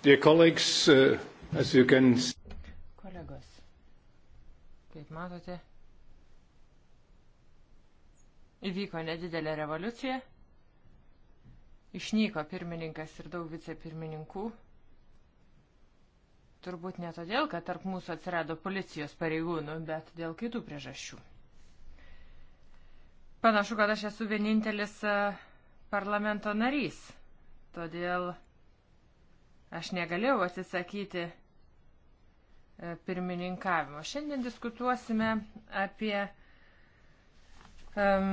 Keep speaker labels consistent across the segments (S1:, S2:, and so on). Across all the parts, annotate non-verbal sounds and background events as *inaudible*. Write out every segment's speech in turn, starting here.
S1: Dear colleagues, uh, as you can...
S2: Kolegos, kaip matote, įvyko nedidelė revoliucija, išnyko pirmininkas ir daug vicepirmininkų. Turbūt ne todėl, kad tarp mūsų atsirado policijos pareigūnų, bet dėl kitų priežasčių. Panašu, kad aš esu vienintelis uh, parlamento narys, todėl Aš negalėjau atsisakyti e, pirmininkavimo. Šiandien diskutuosime apie um,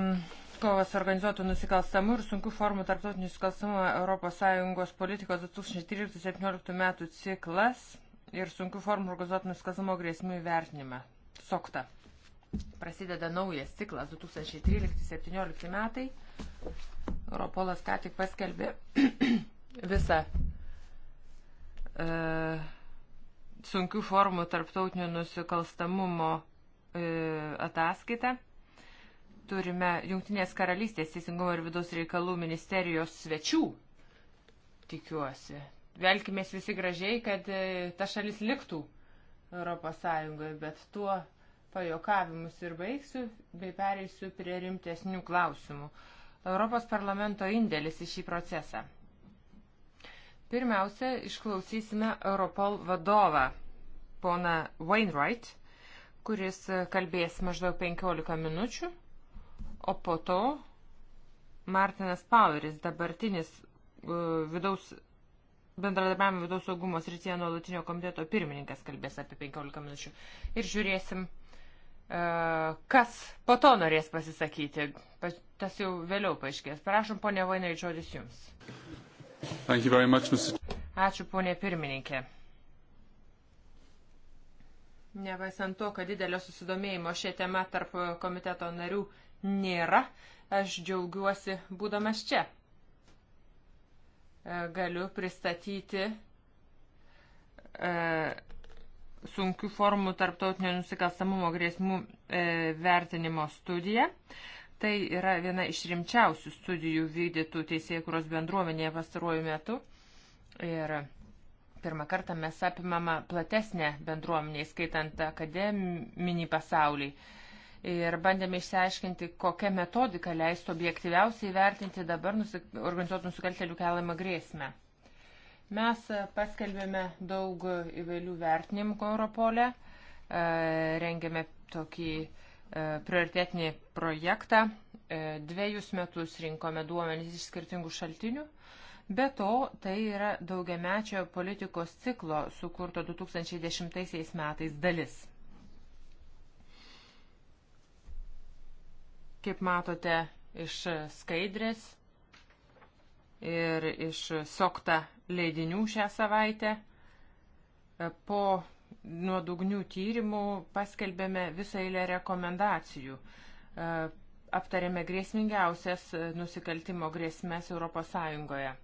S2: kovas organizuotų nusikalstamų ir sunkių formų tarptautinių nusikalstamų ES politikos 2013-2017 metų ciklas ir sunkių formų organizuotų nusikalstamų grėsmių įvertinimą. Sokta. Prasideda naujas ciklas 2013-2017 metai. Europolas ką tik paskelbė *clears throat* visą e, sunkių formų tarptautinio nusikalstamumo e, ataskaitą. Turime Junktinės karalystės teisingumo ir vidaus reikalų ministerijos svečių, tikiuosi. Velkimės visi gražiai, kad e, ta šalis liktų Europos Sąjungoje, bet tuo pajokavimus ir baigsiu, bei pereisiu prie rimtesnių klausimų. Europos parlamento indėlis į šį procesą. Pirmiausia, išklausysime Europol vadovą, poną Wainwright, kuris kalbės maždaug 15 minučių, o po to Martinas Poweris, dabartinis uh, vidaus bendradarbiavimo vidaus saugumo srityje nuolatinio komiteto pirmininkas kalbės apie 15 minučių. Ir žiūrėsim, e, kas po to norės pasisakyti. Tas jau vėliau paaiškės. Prašom, ponia Vainai, žodis jums. Much, Mr. Ačiū, ponė pirmininkė. Nevaisant to, kad didelio susidomėjimo šią temą tarp komiteto narių nėra, aš džiaugiuosi būdamas čia. E, galiu pristatyti e, sunkių formų tarptautinio nusikalstamumo grėsmų e, vertinimo studiją. E, Tai yra viena iš rimčiausių studijų vykdytų teisėjų, kurios bendruomenėje pastaruoju metu. Ir pirmą kartą mes apimama platesnę bendruomenę, skaitant akademinį pasaulį. Ir bandėme išsiaiškinti, kokia metodika leistų objektyviausiai vertinti dabar nusik organizuotų nusikaltelių keliamą grėsmę. Mes paskelbėme daug įvairių vertinimų Europolė, e, rengėme tokį uh, E, prioritetinį projektą. E, dviejus metus rinkome duomenys iš skirtingų šaltinių. Be to, tai yra daugiamečio politikos ciklo sukurto 2010 metais dalis. Kaip matote iš skaidrės ir iš sokta leidinių šią savaitę, e, po nuodugnių tyrimų paskelbėme visą eilę rekomendacijų. E, aptarėme grėsmingiausias nusikaltimo grėsmės ES.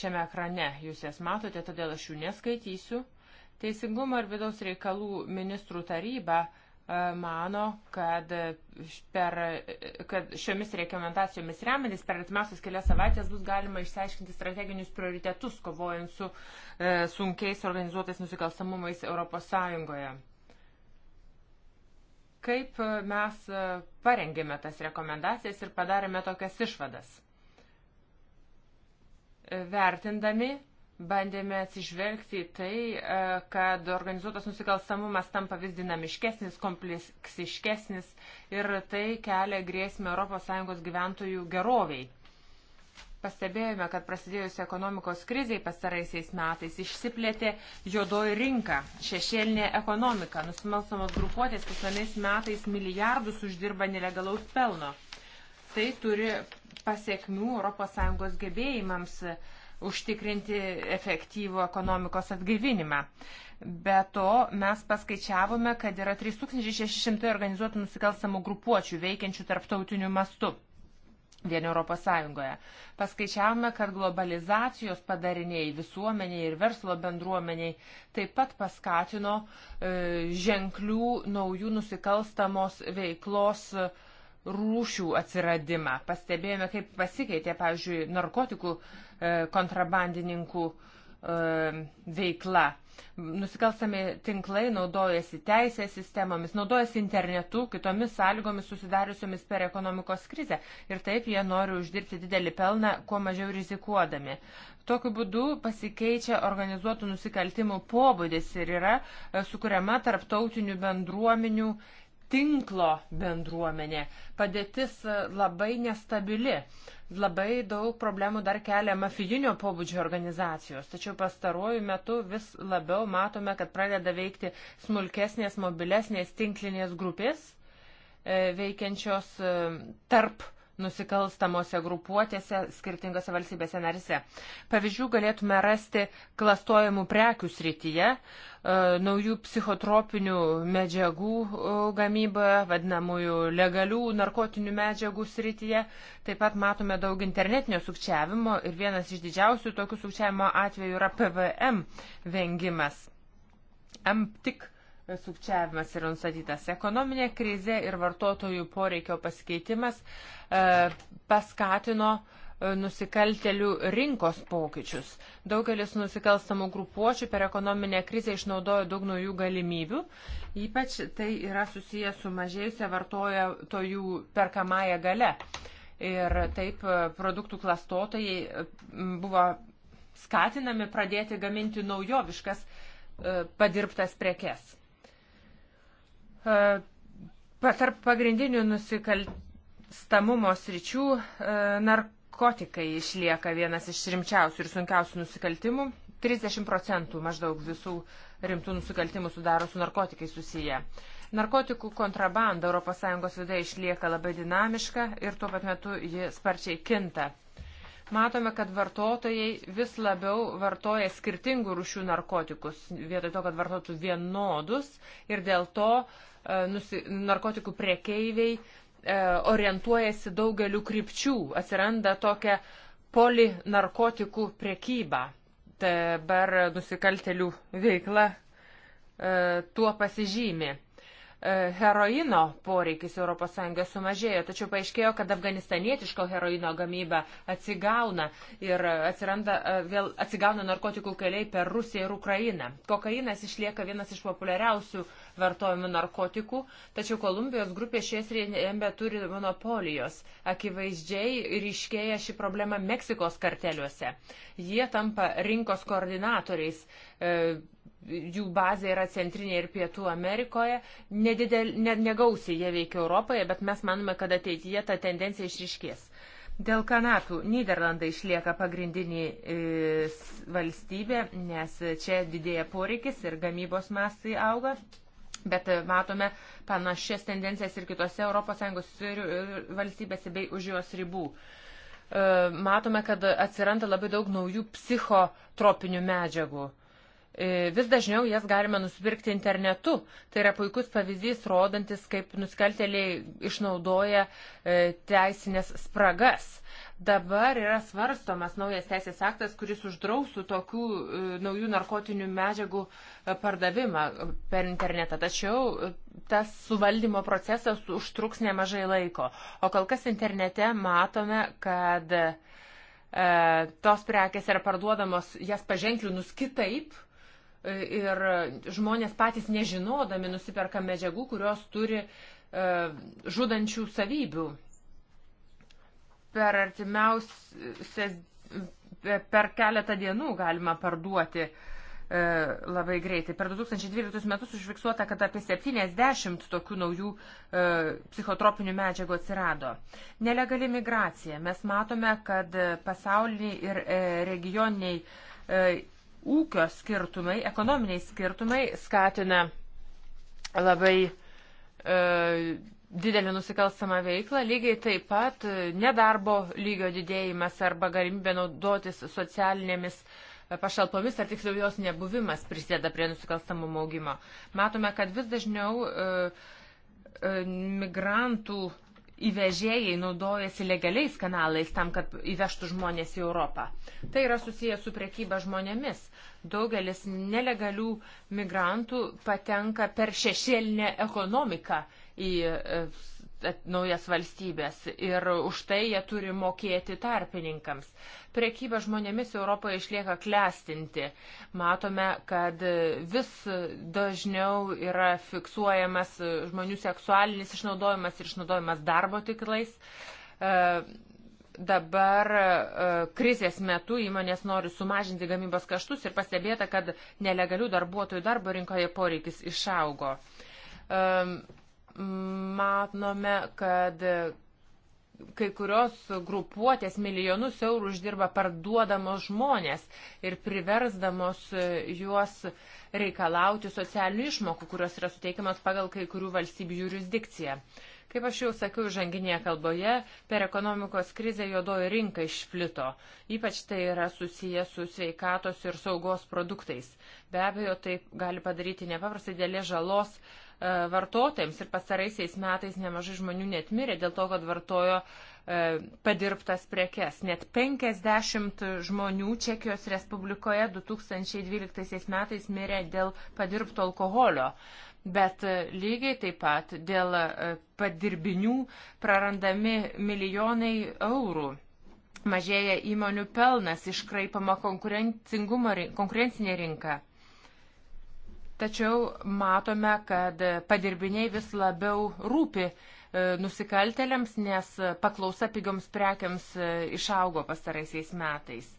S2: Šiame ekrane jūs jas matote, todėl aš jų neskaitysiu. Teisingumo ir vidaus reikalų ministrų taryba uh, E, mano, kad, e, per, e, kad šiomis rekomendacijomis remiantis per atmesius kelias savaitės bus galima išsiaiškinti strateginius prioritetus, kovojant su e, sunkiais organizuotais nusikalstamumais ES. Kaip mes parengėme tas rekomendacijas ir padarėme tokias išvadas? Vertindami bandėme atsižvelgti į tai, e, kad organizuotas nusikalstamumas tampa vis dinamiškesnis, kompleksiškesnis ir tai kelia grėsmę ES gyventojų geroviai. Pastebėjome, kad prasidėjus ekonomikos kriziai pastaraisiais metais išsiplėtė juodoji rinka, šešėlinė ekonomika, nusimalstamos grupuotės kiekvienais metais milijardus uždirba nelegalaus pelno. Tai turi pasiekmių ES gebėjimams uh, užtikrinti efektyvų ekonomikos atgaivinimą. Be to, mes paskaičiavome, kad yra 3600 organizuotų nusikalstamų grupuočių veikiančių tarptautiniu mastu. Vien Europos Sąjungoje. Paskaičiavome, kad globalizacijos padariniai visuomeniai ir verslo bendruomeniai taip pat paskatino e, ženklių naujų nusikalstamos veiklos e, rūšių atsiradimą. Pastebėjome, kaip pasikeitė, pavyzdžiui, narkotikų e, kontrabandininkų e, veikla. Nusikalstami tinklai naudojasi teisės sistemomis, naudojasi internetu, kitomis sąlygomis susidariusiomis per ekonomikos krizę. Ir taip jie nori uždirbti didelį pelną, kuo mažiau rizikuodami. Tokiu būdu pasikeičia organizuotų nusikaltimų pobūdis ir yra e, sukuriama tarptautinių bendruomenių tinklo bendruomenė. Padėtis e, labai nestabili. Labai daug problemų dar kelia mafijinio pobūdžio organizacijos. Tačiau pastaruoju metu vis labiau matome, kad pradeda veikti smulkesnės, mobilesnės tinklinės grupės e, veikiančios e, tarp nusikalstamose grupuotėse skirtingose valstybėse narise. Pavyzdžių galėtume rasti klastojimų prekių srityje, e, naujų psichotropinių medžiagų e, gamyboje, vadinamųjų legalių narkotinių medžiagų srityje. Taip pat matome daug internetinio sukčiavimo ir vienas iš didžiausių tokių sukčiavimo atvejų yra PVM vengimas. MTIK sukčiavimas yra nustatytas. Ekonominė krizė ir vartotojų poreikio pasikeitimas e, paskatino e, nusikaltelių rinkos pokyčius. Daugelis nusikalstamų grupuočių per ekonominę krizę išnaudojo daug naujų galimybių, ypač tai yra susijęs su mažėjusia vartotojų perkamąją gale. Ir taip e, produktų klastotojai e, buvo skatinami pradėti gaminti naujoviškas e, padirbtas prekes E, tarp pagrindinių nusikalstamumo sričių e, narkotikai išlieka vienas iš rimčiausių ir sunkiausių nusikaltimų. 30 procentų maždaug visų rimtų nusikaltimų sudaro su narkotikai susiję. Narkotikų kontrabanda ES viduje išlieka labai dinamiška ir tuo pat metu ji sparčiai kinta matome, kad vartotojai vis labiau vartoja skirtingų rušių narkotikus, vietoj to, kad vartotų vienodus ir dėl to e, nusi, narkotikų priekeiviai e, orientuojasi daugeliu krypčių, atsiranda tokia polinarkotikų priekyba. Dabar nusikaltelių veikla e, tuo pasižymė. E, heroino poreikis ES sumažėjo, tačiau paaiškėjo, kad afganistanietiško heroino gamyba atsigauna ir atsiranda, e, vėl atsigauna narkotikų keliai per Rusiją ir Ukrainą. Kokainas išlieka vienas iš populiariausių uh, vartojimų narkotikų, tačiau Kolumbijos grupė šies rėmbė turi monopolijos. Akivaizdžiai ryškėja ši problema Meksikos karteliuose. Jie tampa rinkos koordinatoriais. E, jų bazė yra Centrinėje ir Pietų Amerikoje. Nedidel, ne, negausiai jie veikia Europoje, bet mes manome, kad ateityje ta tendencija išriškės. Dėl kanapių Niderlandai išlieka pagrindinį e, valstybė, nes čia didėja poreikis ir gamybos mastai auga. Bet e, matome panašias tendencijas ir kitose ES valstybėse bei už jos ribų. E, matome, kad atsiranda labai daug naujų psichotropinių medžiagų. E, vis dažniau jas galime nusipirkti internetu. Tai yra puikus pavyzdys, rodantis, kaip nusikaltėliai išnaudoja teisinės spragas. Dabar yra svarstomas naujas teisės aktas, kuris uždrausų tokių e, naujų narkotinių medžiagų e, pardavimą e, per internetą. Tačiau e, tas suvaldymo procesas užtruks nemažai laiko. O kol kas internete matome, kad e, tos prekes yra parduodamos jas paženklinus kitaip. Ir žmonės patys nežinodami nusiperka medžiagų, kurios turi e, žudančių savybių per artimiausias, per keletą dienų galima parduoti e, labai greitai. Per 2012 metus užfiksuota, kad apie 70 tokių naujų e, psichotropinių medžiagų atsirado. Nelegali migracija. Mes matome, kad pasauliniai ir e, regioniniai e, ūkio skirtumai, ekonominiai skirtumai skatina labai e, didelį nusikalstamą veiklą, lygiai taip pat e, nedarbo lygio didėjimas arba galimybė naudotis socialinėmis e, pašalpomis, ar tiksliau jos nebuvimas prisideda prie nusikalstamumo augimo. Matome, kad vis dažniau e, e, migrantų įvežėjai naudojasi legaliais kanalais tam, kad įvežtų žmonės į Europą. Tai yra susijęs su priekyba žmonėmis. Daugelis nelegalių migrantų patenka per šešėlinę ekonomiką į e, naujas valstybės ir už tai jie turi mokėti tarpininkams. Prekyba žmonėmis Europoje išlieka klestinti. Matome, kad vis dažniau yra fiksuojamas žmonių seksualinis išnaudojimas ir išnaudojimas darbo tiklais. E, dabar e, krizės metu įmonės nori sumažinti gamybos kaštus ir pastebėta, kad nelegalių darbuotojų darbo rinkoje poreikis išaugo matome, kad kai kurios grupuotės milijonus eurų uždirba parduodamos žmonės ir priversdamos juos reikalauti socialinių išmokų, kurios yra suteikiamas pagal kai kurių valstybių jurisdikciją. Kaip aš jau sakiau žanginėje kalboje, per ekonomikos krizę juodoji rinka išplito. Ypač tai yra susiję su sveikatos ir saugos produktais. Be abejo, tai gali padaryti nepaprastai dėlė žalos uh, E, vartotojams ir pastaraisiais metais nemažai žmonių net mirė dėl to, kad vartojo e, padirbtas prekes. Net 50 žmonių Čekijos Respublikoje 2012 metais mirė dėl padirbto alkoholio. Bet e, lygiai taip pat dėl padirbinių prarandami milijonai eurų mažėja įmonių pelnas, iškraipama konkurencinė rinka. Tačiau matome, kad padirbiniai vis labiau rūpi e, nusikaltelėms, nes paklausa pigioms prekiams e, išaugo pastaraisiais metais.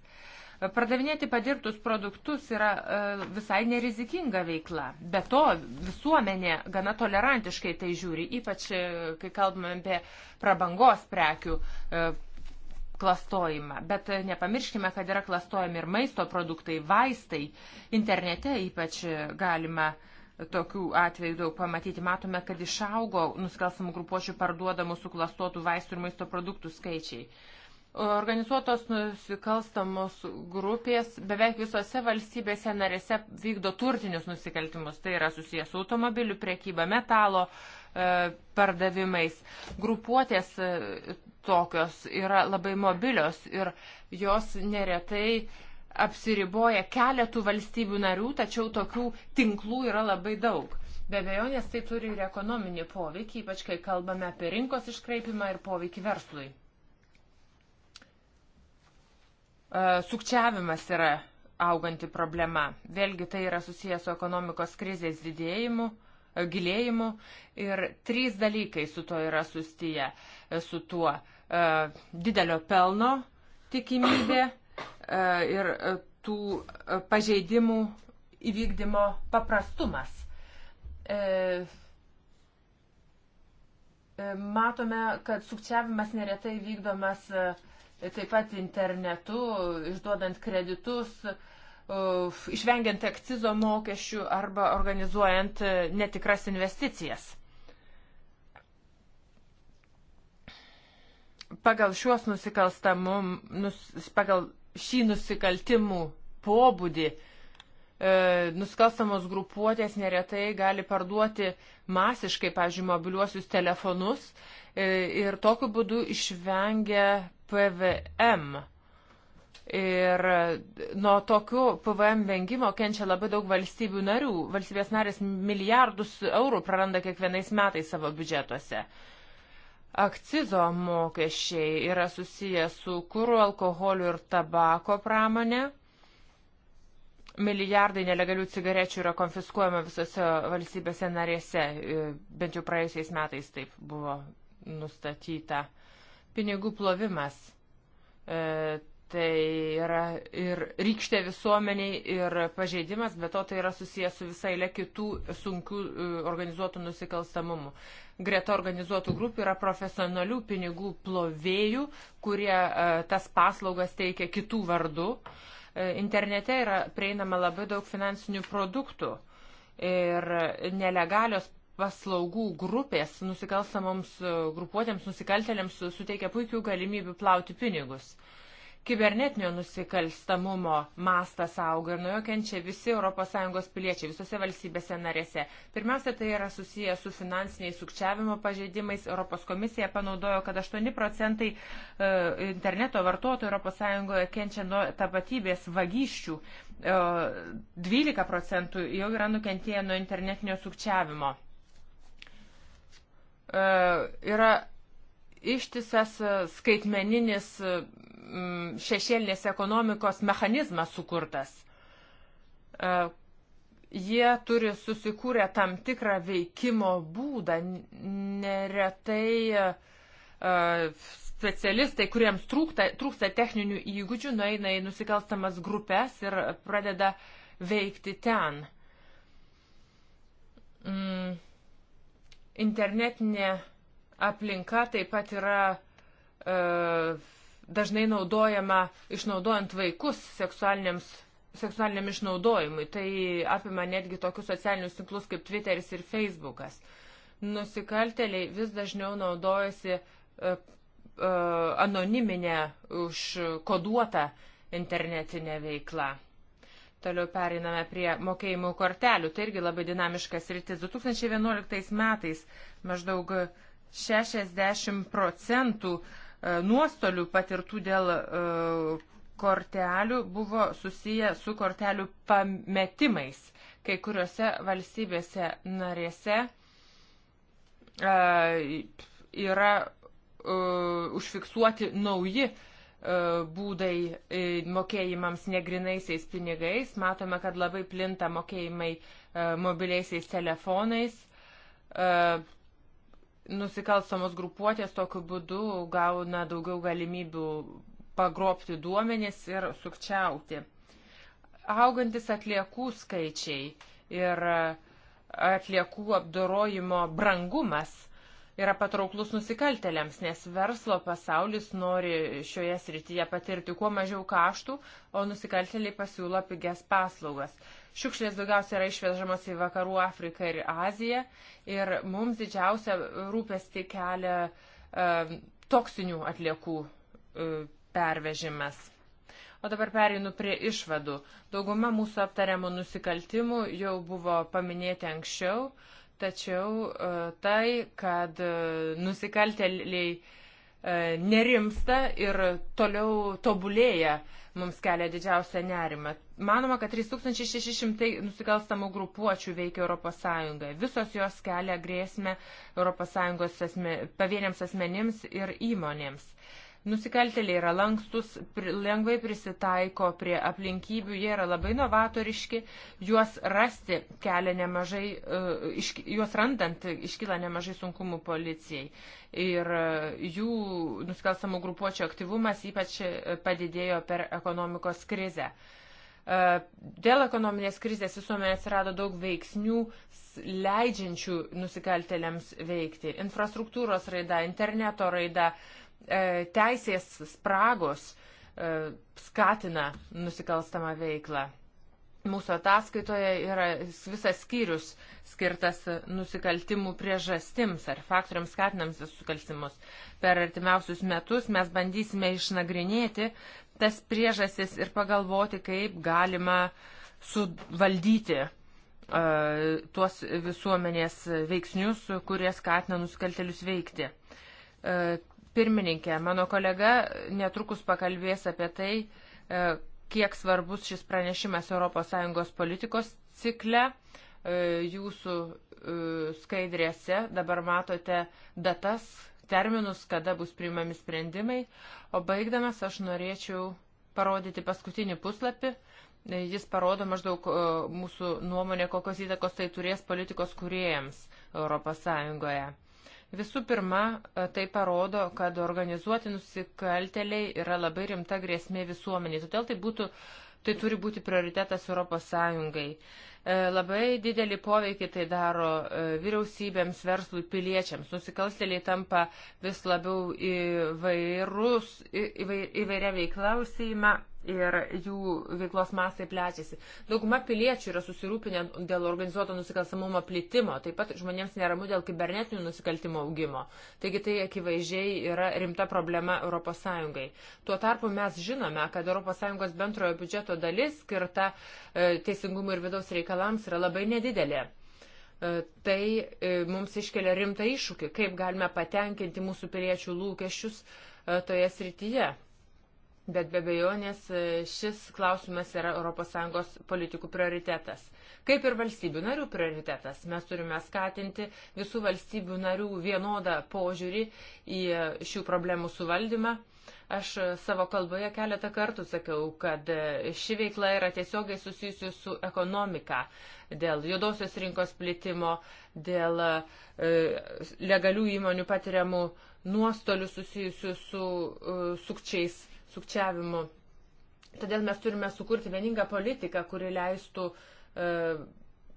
S2: Pardavinėti padirbtus produktus yra e, visai nerizikinga veikla. Be to, visuomenė gana tolerantiškai tai žiūri, ypač kai kalbame apie prabangos prekių klastojimą. Bet nepamirškime, kad yra klastojami ir maisto produktai, vaistai. Internete ypač galima tokių atvejų daug pamatyti. Matome, kad išaugo nusikalstamų grupuočių parduodamų suklastotų vaistų ir maisto produktų skaičiai. Organizuotos nusikalstamos grupės beveik visose valstybėse narėse vykdo turtinius nusikaltimus. Tai yra susijęs su automobilių priekyba, metalo e, pardavimais. Grupuotės e, tokios yra labai mobilios ir jos neretai apsiriboja keletų valstybių narių, tačiau tokių tinklų yra labai daug. Be abejonės tai turi ir ekonominį poveikį, ypač kai kalbame apie rinkos iškreipimą ir poveikį verslui. E, sukčiavimas yra auganti problema. Vėlgi tai yra susijęs su ekonomikos krizės didėjimu gilėjimu. Ir trys dalykai su to yra sustiję. E, su tuo e, didelio pelno tikimybė e, ir tų pažeidimų įvykdymo paprastumas. Matome, kad sukčiavimas neretai vykdomas taip pat internetu, išduodant kreditus, uh, išvengiant akcizo mokesčių arba organizuojant e, netikras investicijas. Pagal, nus, pagal šį nusikaltimų pobūdį e, nusikalstamos grupuotės neretai gali parduoti masiškai, pavyzdžiui, mobiliuosius telefonus e, ir tokiu būdu išvengia PVM. E, Ir nuo tokių PVM vengimo kenčia labai daug valstybių narių. Valstybės narės milijardus eurų praranda kiekvienais metais savo biudžetuose. Akcizo mokesčiai yra susiję su kūru, alkoholiu ir tabako pramonė. Milijardai nelegalių cigarečių yra konfiskuojama visose valstybėse narėse, e, bent jau praėjusiais metais taip buvo nustatyta. Pinigų plovimas e, Tai yra ir rykštė visuomeniai, ir pažeidimas, bet to tai yra susijęs su visai lė kitų sunkių e, organizuotų nusikalstamumų. Greta organizuotų grupių yra profesionalių pinigų plovėjų, kurie e, tas paslaugas teikia kitų vardų. E, internete yra prieinama labai daug finansinių produktų ir nelegalios paslaugų grupės nusikalstamoms grupuotėms, nusikaltelėms suteikia puikių galimybių plauti pinigus. Uh, Kibernetinio nusikalstamumo mastas auga ir nuo jo kenčia visi ES piliečiai visose valstybėse narėse. Pirmiausia, tai yra susiję su finansiniais sukčiavimo pažeidimais. Europos komisija panaudojo, kad 8 procentai e, interneto vartotojų ES kenčia nuo tapatybės vagysčių, 12 e, procentų jau yra nukentėję nuo internetinio sukčiavimo. E, yra ištisas skaitmeninis Mm, šešėlinės ekonomikos mechanizmas sukurtas. E, jie turi susikūrę tam tikrą veikimo būdą. Neretai e, specialistai, kuriems trūksta, trūksta techninių įgūdžių, nueina į nusikalstamas grupės ir pradeda veikti ten. Mm, internetinė aplinka taip pat yra uh, dažnai naudojama išnaudojant vaikus seksualiniams seksualiniam išnaudojimui. Tai apima netgi tokius socialinius tinklus kaip Twitteris ir Facebookas. Nusikalteliai vis dažniau naudojasi e, e, anoniminę, užkoduotą internetinę veiklą. Toliau periname prie mokėjimų kortelių. Tai irgi labai dinamiškas rytis. 2011 metais maždaug 60 procentų uh, E, nuostolių patirtų dėl e, kortelių buvo susiję su kortelių pametimais. Kai kuriuose valstybėse narėse e, yra užfiksuoti nauji būdai mokėjimams negrinaisiais pinigais. Matome, kad labai plinta mokėjimai mobiliaisiais telefonais nusikalstamos grupuotės tokiu būdu gauna daugiau galimybių pagrobti duomenis ir sukčiauti. Augantis atliekų skaičiai ir atliekų apdorojimo brangumas yra patrauklus nusikaltelėms, nes verslo pasaulis nori šioje srityje patirti kuo mažiau kaštų, o nusikalteliai pasiūlo pigias paslaugas. Šiukšlės daugiausia yra išvežamas į Vakarų Afriką ir Aziją ir mums didžiausia rūpesti kelia e, toksinių atliekų e, pervežimas. O dabar pereinu prie išvadų. Dauguma mūsų aptariamų nusikaltimų jau buvo paminėti anksčiau, tačiau e, tai, kad e, nusikaltėliai e, E, nerimsta ir toliau tobulėja mums kelia didžiausią nerimą. Manoma, kad 3600 nusikalstamų grupuočių veikia ES. Visos jos kelia grėsmę ES asme, pavieniams asmenims ir įmonėms. Uh, Nusikaltėliai yra lankstus, pri, lengvai prisitaiko prie aplinkybių, jie yra labai novatoriški, juos rasti kelia nemažai, uh, iš, juos randant iškyla nemažai sunkumų policijai. Ir uh, jų nusikalstamų grupuočio aktyvumas ypač e, padidėjo per ekonomikos krizę. Dėl ekonominės krizės visuomenė atsirado daug veiksnių, leidžiančių nusikaltėliams veikti. Infrastruktūros raida, interneto raida, uh, E, teisės spragos e, skatina nusikalstamą veiklą. Mūsų ataskaitoje yra visas skyrius skirtas nusikaltimų priežastims ar faktoriams skatinams nusikaltimus. Per artimiausius metus mes bandysime išnagrinėti tas priežastis ir pagalvoti, kaip galima suvaldyti uh, tuos visuomenės veiksnius, kurie skatina nusikaltelius veikti. Uh, pirmininkė, mano kolega netrukus pakalbės apie tai, e, kiek svarbus šis pranešimas ES politikos cikle. E, jūsų e, skaidrėse dabar matote datas, terminus, kada bus priimami sprendimai. O baigdamas aš norėčiau parodyti paskutinį puslapį. Jis parodo maždaug mūsų nuomonę, kokios įtakos tai turės politikos kuriejams ES. Visų pirma, e, tai parodo, kad organizuoti nusikalteliai yra labai rimta grėsmė visuomeniai. Todėl tai, būtų, tai turi būti prioritetas ES. E, labai didelį poveikį tai daro e, vyriausybėms, verslui, piliečiams. Nusikalteliai tampa vis labiau įvairus, įvairia veikla užsijima ir jų veiklos mastai plečiasi. Dauguma piliečių yra susirūpinę dėl organizuoto nusikalstamumo plitimo, taip pat žmonėms neramu dėl kibernetinių nusikaltimo augimo. Taigi tai akivaizdžiai yra rimta problema ES. Tuo tarpu mes žinome, kad ES bendrojo biudžeto dalis skirta e, teisingumui ir vidaus reikalams yra labai nedidelė. E, tai e, mums iškelia rimtą iššūkį, kaip galime patenkinti mūsų piliečių lūkesčius toje srityje. Bet be bejonės e, šis klausimas yra ES politikų prioritetas. Kaip ir valstybių narių prioritetas, mes turime skatinti visų valstybių narių vienodą požiūrį į šių problemų suvaldymą. Aš savo kalboje keletą kartų sakiau, kad ši veikla yra tiesiogiai susijusi su ekonomika, dėl juodosios rinkos plitimo, dėl e, legalių įmonių patiriamų nuostolių susijusių su e, sukčiais sukčiavimu. Todėl mes turime sukurti vieningą politiką, kuri leistų e,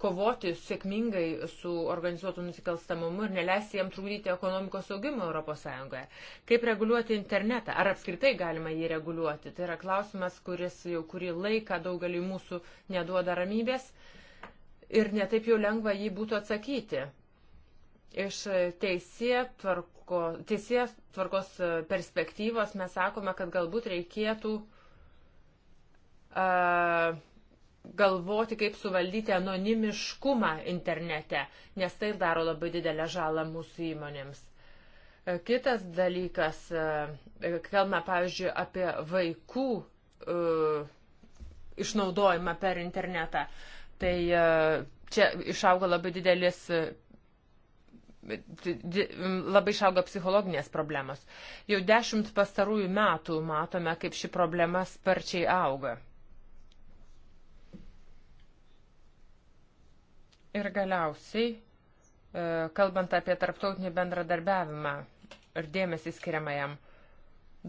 S2: kovoti sėkmingai su organizuotu nusikalstamumu ir neleisti jam trukdyti ekonomikos augimo ES. Kaip reguliuoti internetą? Ar apskritai galima jį reguliuoti? Tai yra klausimas, kuris jau kurį laiką daugelį mūsų neduoda ramybės ir netaip jau lengva jį būtų atsakyti. Iš teisėtvarko, teisės tvarkos perspektyvos mes sakome, kad galbūt reikėtų uh, galvoti, kaip suvaldyti anonimiškumą internete, nes tai daro labai didelę žalą mūsų įmonėms. Kitas dalykas, kalbame, pavyzdžiui, apie vaikų uh, išnaudojimą per internetą, tai uh, čia išauga labai didelis labai išauga psichologinės problemos. Jau dešimt pastarųjų metų matome, kaip ši problema sparčiai auga. Ir galiausiai, e, kalbant apie tarptautinį bendradarbiavimą ir dėmesį skiriamą jam,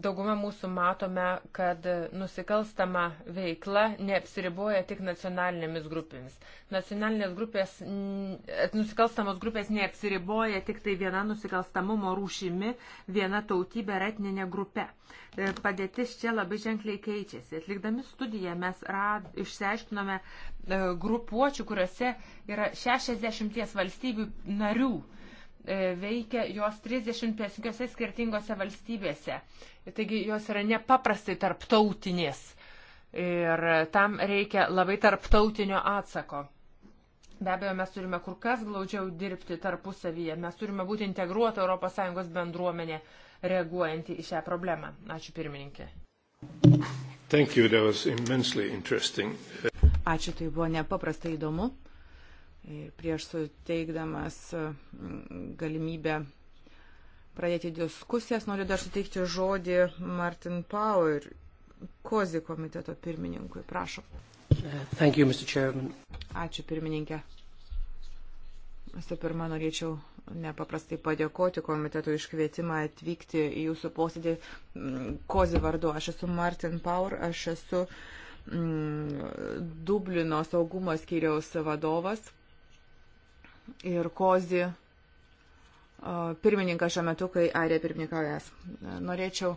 S2: dauguma mūsų matome, kad nusikalstama veikla neapsiriboja tik nacionalinėmis grupėmis. Nacionalinės grupės, nusikalstamos grupės neapsiriboja tik tai viena nusikalstamumo rūšimi, viena tautybė ar etninė grupė. E, padėtis čia labai ženkliai keičiasi. Atlikdami studiją mes rad, išsiaiškinome e, grupuočių, kuriuose yra 60 valstybių narių E, veikia jos 35 skirtingose valstybėse. Taigi jos yra nepaprastai tarptautinės ir tam reikia labai tarptautinio atsako. Be abejo, mes turime kur kas glaudžiau dirbti tarpusavyje, mes turime būti integruota ES bendruomenė reaguojanti į šią problemą. Ačiū pirmininkė. Ačiū, tai buvo
S3: nepaprastai įdomu ir prieš suteikdamas
S2: mm,
S3: galimybę pradėti diskusijas, noriu dar suteikti žodį Martin Power, Kozi komiteto pirmininkui. Prašom.
S2: Thank you, Mr. Chairman.
S3: Ačiū, pirmininkė. Visų pirma, norėčiau nepaprastai padėkoti komitetų iškvietimą atvykti į jūsų posėdį
S2: mm,
S3: Kozi vardu. Aš esu Martin Power, aš esu mm, Dublino saugumo skyriaus vadovas ir Kozi pirmininkas šiuo metu, kai Airija pirmininkaujas. Norėčiau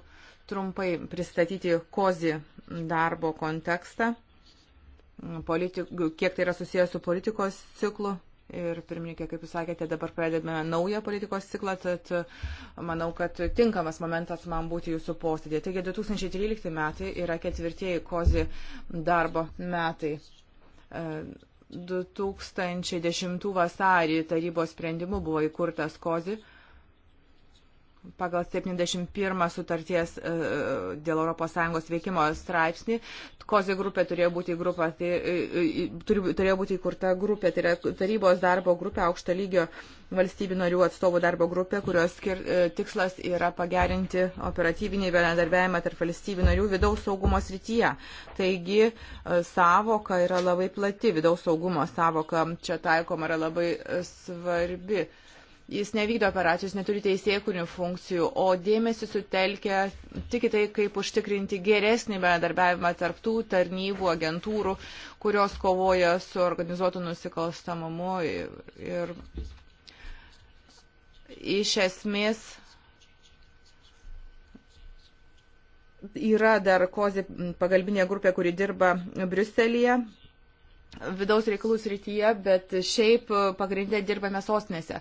S3: trumpai pristatyti Kozi darbo kontekstą, politik, kiek tai yra susijęs su politikos ciklu. Ir pirmininkė, kaip jūs sakėte, dabar pradedame naują politikos ciklą, tad manau, kad tinkamas momentas man būti jūsų posėdė. Taigi 2013 metai yra ketvirtieji kozi darbo metai 2010 vasarį tarybos sprendimu buvo įkurtas kozi pagal 71 sutarties e, dėl ES veikimo straipsnį, kozė grupė turėjo būti, grupė, tai, e, e, turėjo būti įkurta grupė, tai yra tarybos darbo grupė, aukšto lygio valstybių narių atstovų darbo grupė, kurios skir, tikslas yra pagerinti operatyvinį bendradarbiavimą tarp valstybių narių vidaus saugumo srityje. Taigi savoka yra labai plati, vidaus saugumo savoka čia taikoma yra labai svarbi jis nevykdo operacijos, neturi teisėkūrinių funkcijų, o dėmesį sutelkia tik į tai, kaip užtikrinti geresnį bendarbiavimą tarptų tarnybų, agentūrų, kurios kovoja su organizuotu nusikalstamumu ir, ir iš esmės yra dar kozė pagalbinė grupė, kuri dirba Briuselėje vidaus reikalų srityje, bet šiaip pagrindė dirbame sostinėse.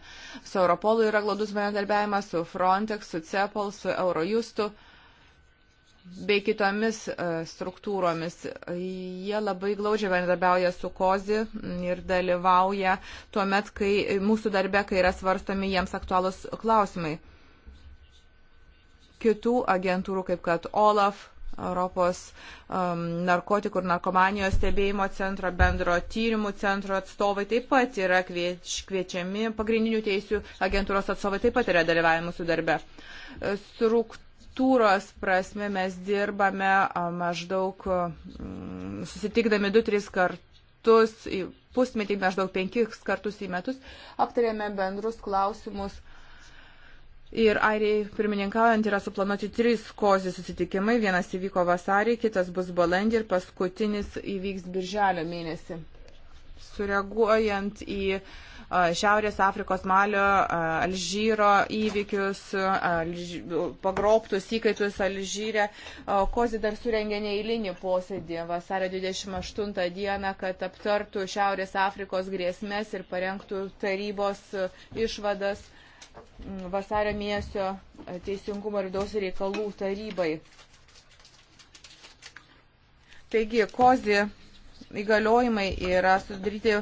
S3: Su Europolu yra glaudus bendradarbiavimas, su Frontex, su CEPOL, su Eurojustu bei kitomis e, struktūromis. Jie labai glaudžiai bendradarbiauja su kozi ir dalyvauja tuo met, kai mūsų darbe, kai yra svarstomi jiems aktualūs klausimai. Kitų agentūrų, kaip kad OLAF, Europos um, narkotikų ir narkomanijos stebėjimo centro, bendro tyrimų centro atstovai taip pat yra kvieč, kviečiami, pagrindinių teisių agentūros atstovai taip pat yra dalyvavę mūsų darbe. Struktūra e, struktūros prasme mes dirbame maždaug mm, susitikdami 2-3 kartus, pusmetį maždaug 5 kartus į metus, aptarėme bendrus klausimus Ir airiai pirmininkaujant yra suplanuoti trys kozi susitikimai. Vienas įvyko vasarį, kitas bus balandį ir paskutinis įvyks birželio mėnesį. Sureaguojant į Šiaurės Afrikos malio Alžyro įvykius, alž... pagrobtus įkaitus Alžyre. Kozi dar surengė neįlinį posėdį vasario 28 dieną, kad aptartų Šiaurės Afrikos grėsmės ir parengtų tarybos išvadas vasario mėnesio e, teisingumo ir vidaus reikalų tarybai. Taigi, kozi įgaliojimai yra sudaryti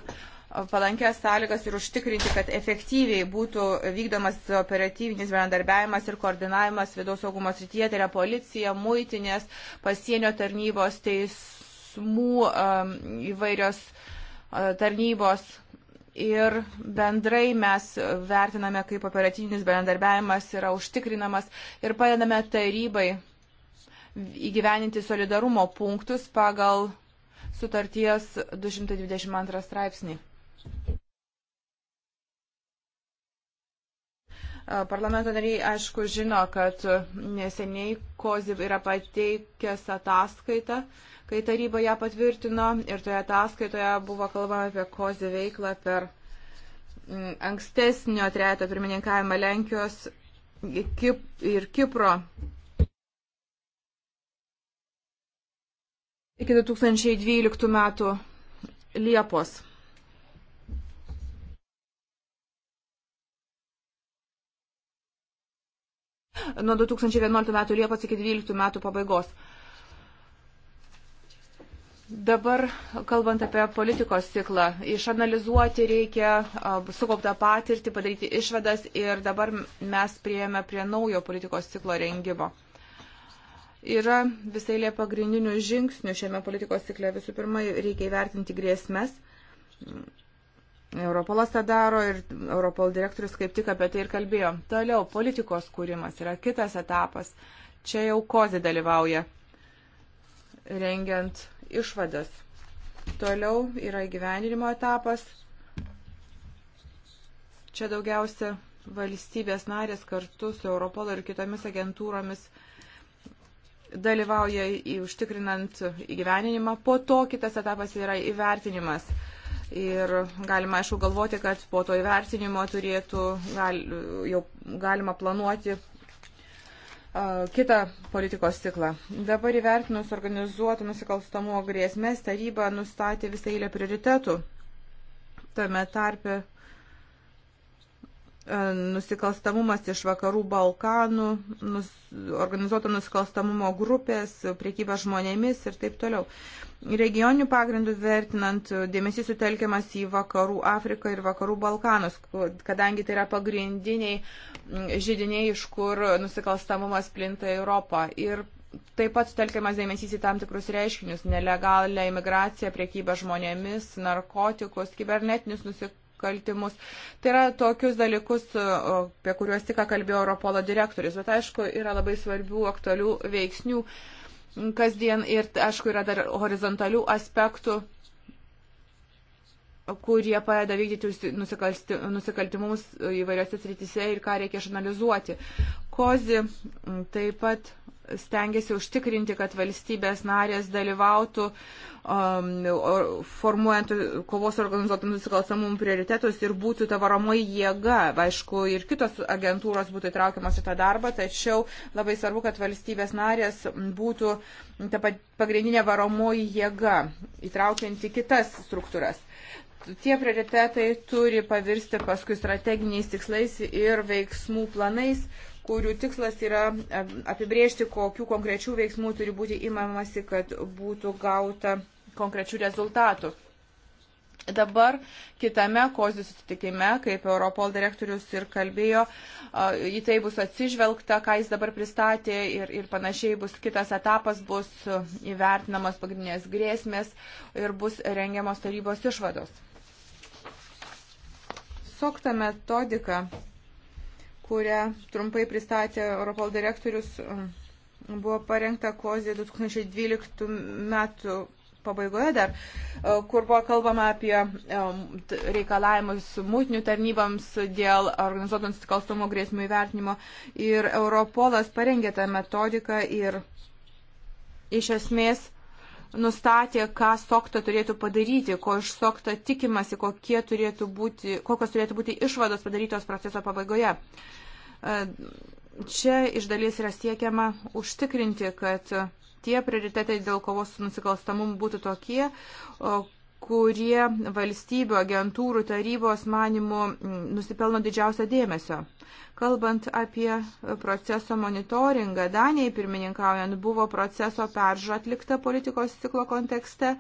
S3: palankės sąlygas ir užtikrinti, kad efektyviai būtų vykdomas operatyvinis bendarbiavimas ir koordinavimas vidaus saugumo srityje, tai yra policija, muitinės, pasienio tarnybos, teismų įvairios e, tarnybos, ir bendrai mes vertiname, kaip operatyvinis bendarbiavimas yra užtikrinamas ir padedame tarybai įgyveninti solidarumo punktus pagal sutarties 222 straipsnį. Parlamento nariai, aišku, žino, kad neseniai Kozib yra pateikęs ataskaitą, kai taryba ją patvirtino ir toje ataskaitoje buvo kalbama apie kozį veiklą per mm, ankstesnio trejato pirmininkavimą Lenkijos ir Kipro. Iki 2012 metų Liepos. Nuo 2011 metų Liepos iki 2012 metų pabaigos. Dabar, kalbant apie politikos ciklą, išanalizuoti reikia sukauptą patirtį, padaryti išvadas ir dabar mes prieėmė prie naujo politikos ciklo rengimo. Yra visai lė pagrindinių žingsnių šiame politikos cikle. Visų pirma, reikia įvertinti grėsmes. Europolas tą daro ir Europol direktorius kaip tik apie tai ir kalbėjo. Toliau, politikos kūrimas yra kitas etapas. Čia jau kozė dalyvauja, rengiant išvadas. Toliau yra įgyvendinimo etapas. Čia daugiausia valstybės narės kartu su Europolo ir kitomis agentūromis dalyvauja į užtikrinant įgyveninimą. Po to kitas etapas yra įvertinimas. Ir galima, aišku, galvoti, kad po to įvertinimo turėtų gal, jau galima planuoti kitą politikos ciklą. Dabar įvertinus organizuotų nusikalstamo grėsmės, taryba nustatė visą eilę prioritetų. Tame tarpe E, nusikalstamumas iš vakarų Balkanų, nus, organizuoto nusikalstamumo grupės, priekyba žmonėmis ir taip toliau. Regioninių pagrindų vertinant, dėmesys sutelkiamas į vakarų Afriką ir vakarų Balkanus, kadangi tai yra pagrindiniai žydiniai, iš kur nusikalstamumas plinta Europą. Ir taip pat sutelkiamas dėmesys į tam tikrus reiškinius - nelegalią imigraciją, priekybę žmonėmis, narkotikus, kibernetinius nusikalstamumus nusikaltimus. Tai yra tokius dalykus, apie kuriuos tik kalbėjo Europolo direktorius. Bet aišku, yra labai svarbių aktualių veiksnių kasdien ir aišku, yra dar horizontalių aspektų kurie padeda vykdyti nusikaltimus įvairiose srityse ir ką reikia išanalizuoti. Kozi taip pat stengiasi užtikrinti, kad valstybės narės dalyvautų um, formuojant kovos organizuotų nusikalstamumų prioritetus ir būtų ta varomoji jėga. Aišku, ir kitos agentūros būtų įtraukiamas į tą darbą, tačiau labai svarbu, kad valstybės narės būtų ta pagrindinė varomoji jėga, įtraukianti kitas struktūras. Tie prioritetai turi pavirsti paskui strateginiais tikslais ir veiksmų planais kurių tikslas yra e, apibriežti, kokių konkrečių veiksmų turi būti imamasi, kad būtų gauta konkrečių rezultatų. Dabar kitame kozijų susitikime, kaip Europol direktorius ir kalbėjo, į tai bus atsižvelgta, ką jis dabar pristatė ir, ir panašiai bus kitas etapas, bus įvertinamos pagrindinės grėsmės ir bus rengiamos tarybos išvados. Sokta metodika kurią trumpai pristatė Europol direktorius, um, buvo parengta kozė 2012 metų pabaigoje dar, uh, kur buvo kalbama apie um, reikalavimus mūtinių tarnybams dėl organizuotų nusikalstamų grėsmų įvertinimo. Ir Europolas parengė tą metodiką ir iš esmės nustatė, ką Sokta turėtų padaryti, ko iš Sokta tikimasi, turėtų būti, kokios turėtų būti išvados padarytos proceso pabaigoje. E, čia iš dalies yra siekiama užtikrinti, kad tie prioritetai dėl kovos su nusikalstamumu būtų tokie, kurie valstybių agentūrų tarybos manimų nusipelno didžiausio dėmesio. Kalbant apie proceso monitoringą, Danijai pirmininkaujant buvo proceso peržiūra atlikta politikos ciklo kontekste.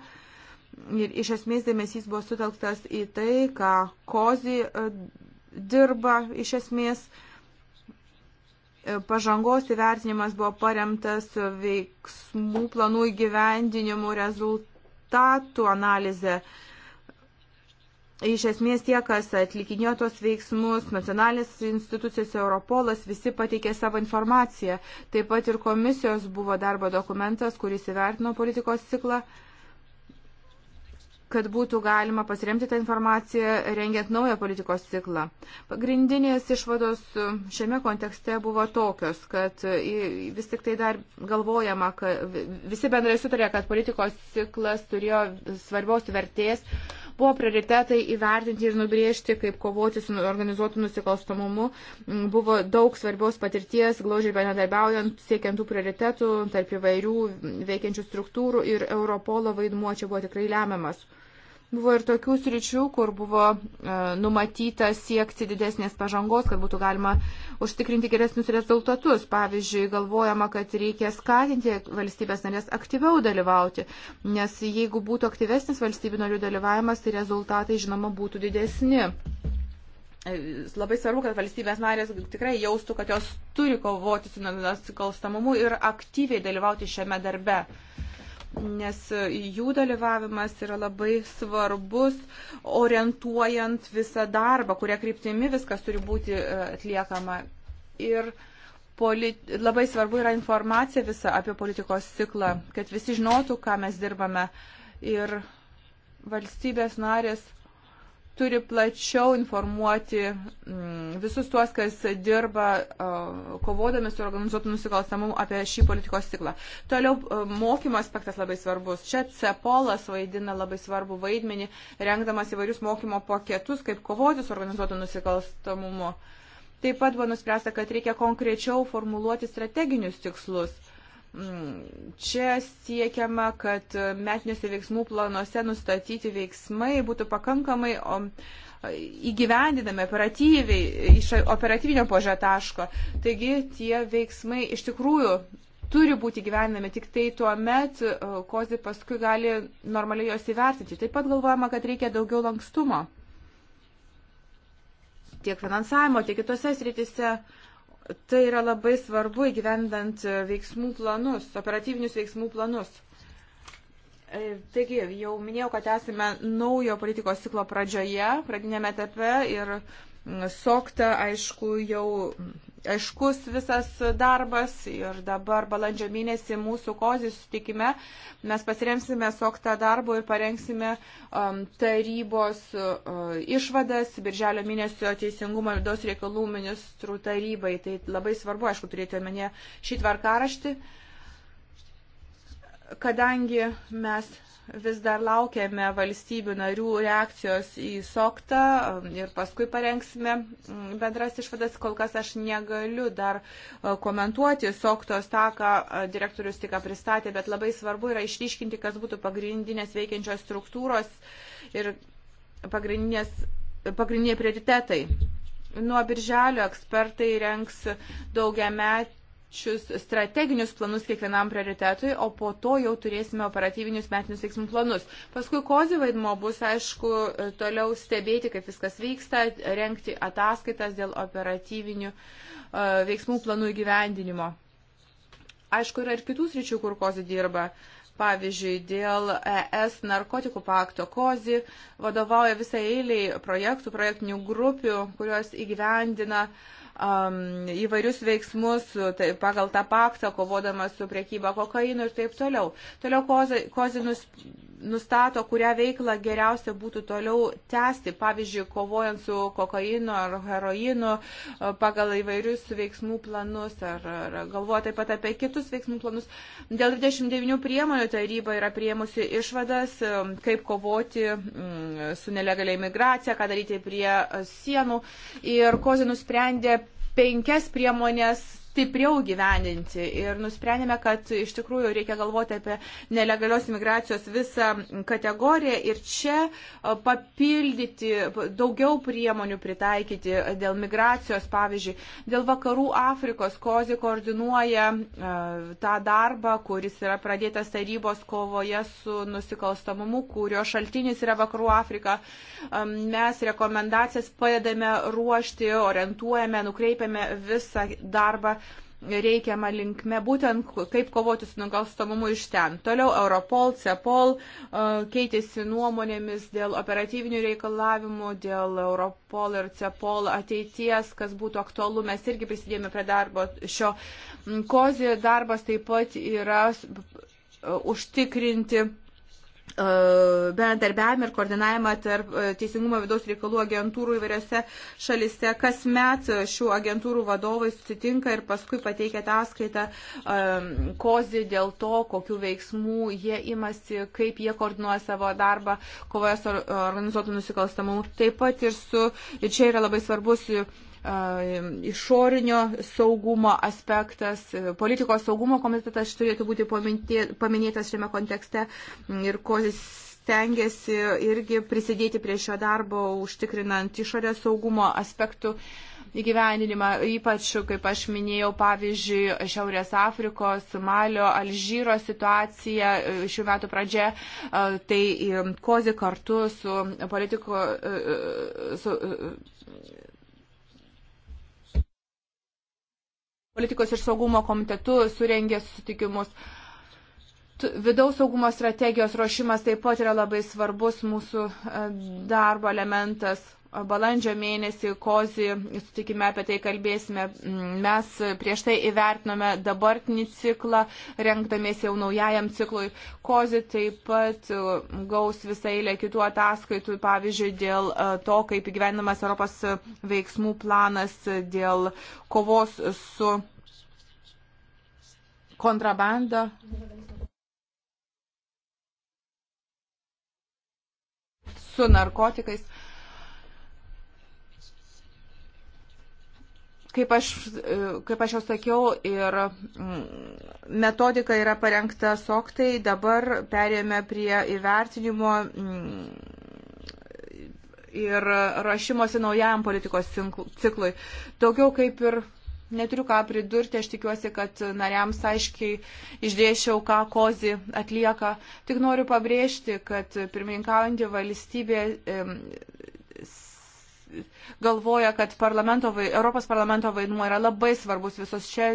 S3: Ir iš esmės dėmesys buvo sutelktas į tai, ką Kozi e, dirba iš esmės e, pažangos įvertinimas buvo paremtas veiksmų planų įgyvendinimu rezult, rezultatų analizę. Iš esmės tie, kas atlikinėjo tos veiksmus, nacionalinės institucijos Europolas, visi pateikė savo informaciją. Taip pat ir komisijos buvo darbo dokumentas, kuris įvertino politikos ciklą. Uh, kad būtų galima pasiremti tą informaciją, rengiant naują politikos ciklą. Pagrindinės išvados šiame kontekste buvo tokios, kad vis tik tai dar galvojama, kad visi bendrai sutarė, kad politikos ciklas turėjo svarbios vertės, buvo prioritetai įvertinti ir nubriežti, kaip kovoti su nu, organizuotu nusikalstamumu, buvo daug svarbios patirties, glaužiai bendradarbiaujant, siekiant tų prioritetų tarp įvairių veikiančių struktūrų ir Europolo vaidmuo čia buvo tikrai lemiamas. Buvo ir tokių sričių, kur buvo e, numatyta siekti didesnės pažangos, kad būtų galima užtikrinti geresnius rezultatus. Pavyzdžiui, galvojama, kad reikia skatinti valstybės narės aktyviau dalyvauti, nes jeigu būtų aktyvesnis valstybių narių dalyvavimas, tai rezultatai, žinoma, būtų didesni e, labai svarbu, kad valstybės narės tikrai jaustų, kad jos turi kovoti su nusikalstamumu ir aktyviai dalyvauti šiame darbe. Uh, nes jų dalyvavimas yra labai svarbus, orientuojant visą darbą, kuria kryptimi viskas turi būti e, atliekama. Ir polit... labai svarbu yra informacija visa apie politikos ciklą, kad visi žinotų, ką mes dirbame. Ir valstybės narės turi plačiau informuoti mm, visus tuos, kas dirba kovodami su organizuotų nusikalstamumu apie šį politikos ciklą. Toliau mokymo aspektas labai svarbus. Čia CEPOLAS vaidina labai svarbų vaidmenį, rengdamas įvairius mokymo paketus, kaip kovoti su organizuotų nusikalstamumu. Taip pat buvo nuspręsta, kad reikia konkrečiau formuluoti strateginius tikslus Čia siekiama, kad metiniuose veiksmų planuose nustatyti veiksmai būtų pakankamai įgyvendinami operatyviai, iš operatyvinio požiūrio taško. Taigi tie veiksmai iš tikrųjų turi būti gyvenami tik tai tuo met, e, kozi paskui gali normaliai jos įvertinti. Taip pat galvojama, kad reikia daugiau lankstumo. Tiek finansavimo, tiek kitose sritise. Uh, Tai yra labai svarbu įgyvendant veiksmų planus, operatyvinius veiksmų planus. E, taigi, jau minėjau, kad esame naujo politikos ciklo pradžioje, pradinėme etape ir Sokta, aišku, jau aiškus visas darbas ir dabar balandžio mėnesį mūsų kozį sutikime mes pasiremsime soktą darbu ir parengsime um, tarybos uh, išvadas birželio mėnesio teisingumo ir vidaus reikalų ministrų tarybai. Tai labai svarbu, aišku, turėti omenyje šį tvarkaraštį, kadangi mes vis dar laukiame valstybių narių reakcijos į soktą um, ir paskui parengsime mm, bendras išvadas. Kol kas aš negaliu dar uh, komentuoti soktos tą, ką uh, direktorius tik pristatė, bet labai svarbu yra išryškinti, kas būtų pagrindinės veikiančios struktūros ir pagrindiniai prioritetai. Nuo birželio ekspertai renks daugia metį konkrečius strateginius planus kiekvienam prioritetui, o po to jau turėsime operatyvinius metinius veiksmų planus. Paskui kozi vaidmo bus, aišku, toliau stebėti, kaip viskas vyksta, renkti ataskaitas dėl operatyvinių e, veiksmų planų įgyvendinimo. Aišku, yra ir kitų sričių, kur kozi dirba. Pavyzdžiui, dėl ES narkotikų pakto kozi vadovauja visai eiliai projektų, projektinių grupių, kurios įgyvendina uh, um, įvairius veiksmus tai, pagal tą paktą, kovodamas su priekyba kokainu ir taip toliau. Toliau kozi, kozi nus, nustato, kurią veiklą geriausia būtų toliau tęsti, pavyzdžiui, kovojant su kokainu ar heroinu pagal įvairius veiksmų planus ar, ar galvoja taip pat apie kitus veiksmų planus. Dėl 29 priemonių taryba yra priemusi išvadas, kaip kovoti mm, su nelegalia imigracija, ką daryti prie sienų ir kozi nusprendė penkias priemonės stipriau gyveninti. Ir nusprendėme, kad iš tikrųjų reikia galvoti apie nelegalios imigracijos visą kategoriją ir čia papildyti, daugiau priemonių pritaikyti dėl migracijos, pavyzdžiui, dėl vakarų Afrikos, kozi koordinuoja tą darbą, kuris yra pradėtas tarybos kovoje su nusikalstamumu, kurio šaltinis yra vakarų Afrika. Mes rekomendacijas padedame ruošti, orientuojame, nukreipiame visą darbą reikiamą linkmę, būtent kaip kovoti su nugalstamumu iš ten. Toliau Europol, Cepol e, keitėsi nuomonėmis dėl operatyvinių reikalavimų, dėl Europol ir Cepol ateities, kas būtų aktualu. Mes irgi prisidėjome prie darbo šio. Kozi darbas taip pat yra e, užtikrinti E, bendarbiavimą ir koordinavimą tarp e, Teisingumo vidaus reikalų agentūrų įvairiose šalise. Kasmet šių agentūrų vadovai susitinka ir paskui pateikia ataskaitą e, kozį dėl to, kokiu veiksmu jie imasi, kaip jie koordinuoja savo darbą, kovoja su organizuotų nusikalstamų. Taip pat ir su, ir čia yra labai svarbus išorinio saugumo aspektas, politikos saugumo komitetas turėtų būti paminėtas šiame kontekste ir ko jis stengiasi irgi prisidėti prie šio darbo, užtikrinant išorės saugumo aspektų įgyvendinimą, ypač, kaip aš minėjau, pavyzdžiui, Šiaurės Afrikos, Malio, Alžyro situacija e, šių metų pradžia, e, tai e, kozi kartu su politiko, su politikos ir saugumo komitetu surengė susitikimus. Vidaus saugumo strategijos ruošimas taip pat yra labai svarbus mūsų e, darbo elementas balandžio mėnesį kozi sutikime apie tai kalbėsime. Mes prieš tai įvertinome dabartinį ciklą, renkdamės jau naujajam ciklui. Kozi taip pat gaus visą eilę kitų ataskaitų, pavyzdžiui, dėl e, to, kaip įgyvenimas Europos veiksmų planas dėl kovos su kontrabanda. su narkotikais. kaip aš, e, kaip aš jau sakiau, ir mm, metodika yra parengta soktai, dabar perėjome prie įvertinimo mm, ir rašymosi naujajam politikos ciklui. Daugiau kaip ir neturiu ką pridurti, aš tikiuosi, kad nariams aiškiai išdėšiau, ką kozi atlieka. Tik noriu pabrėžti, kad pirmininkaujantį valstybę galvoja, kad parlamento, Europos parlamento vaidmuo yra labai svarbus visos šia,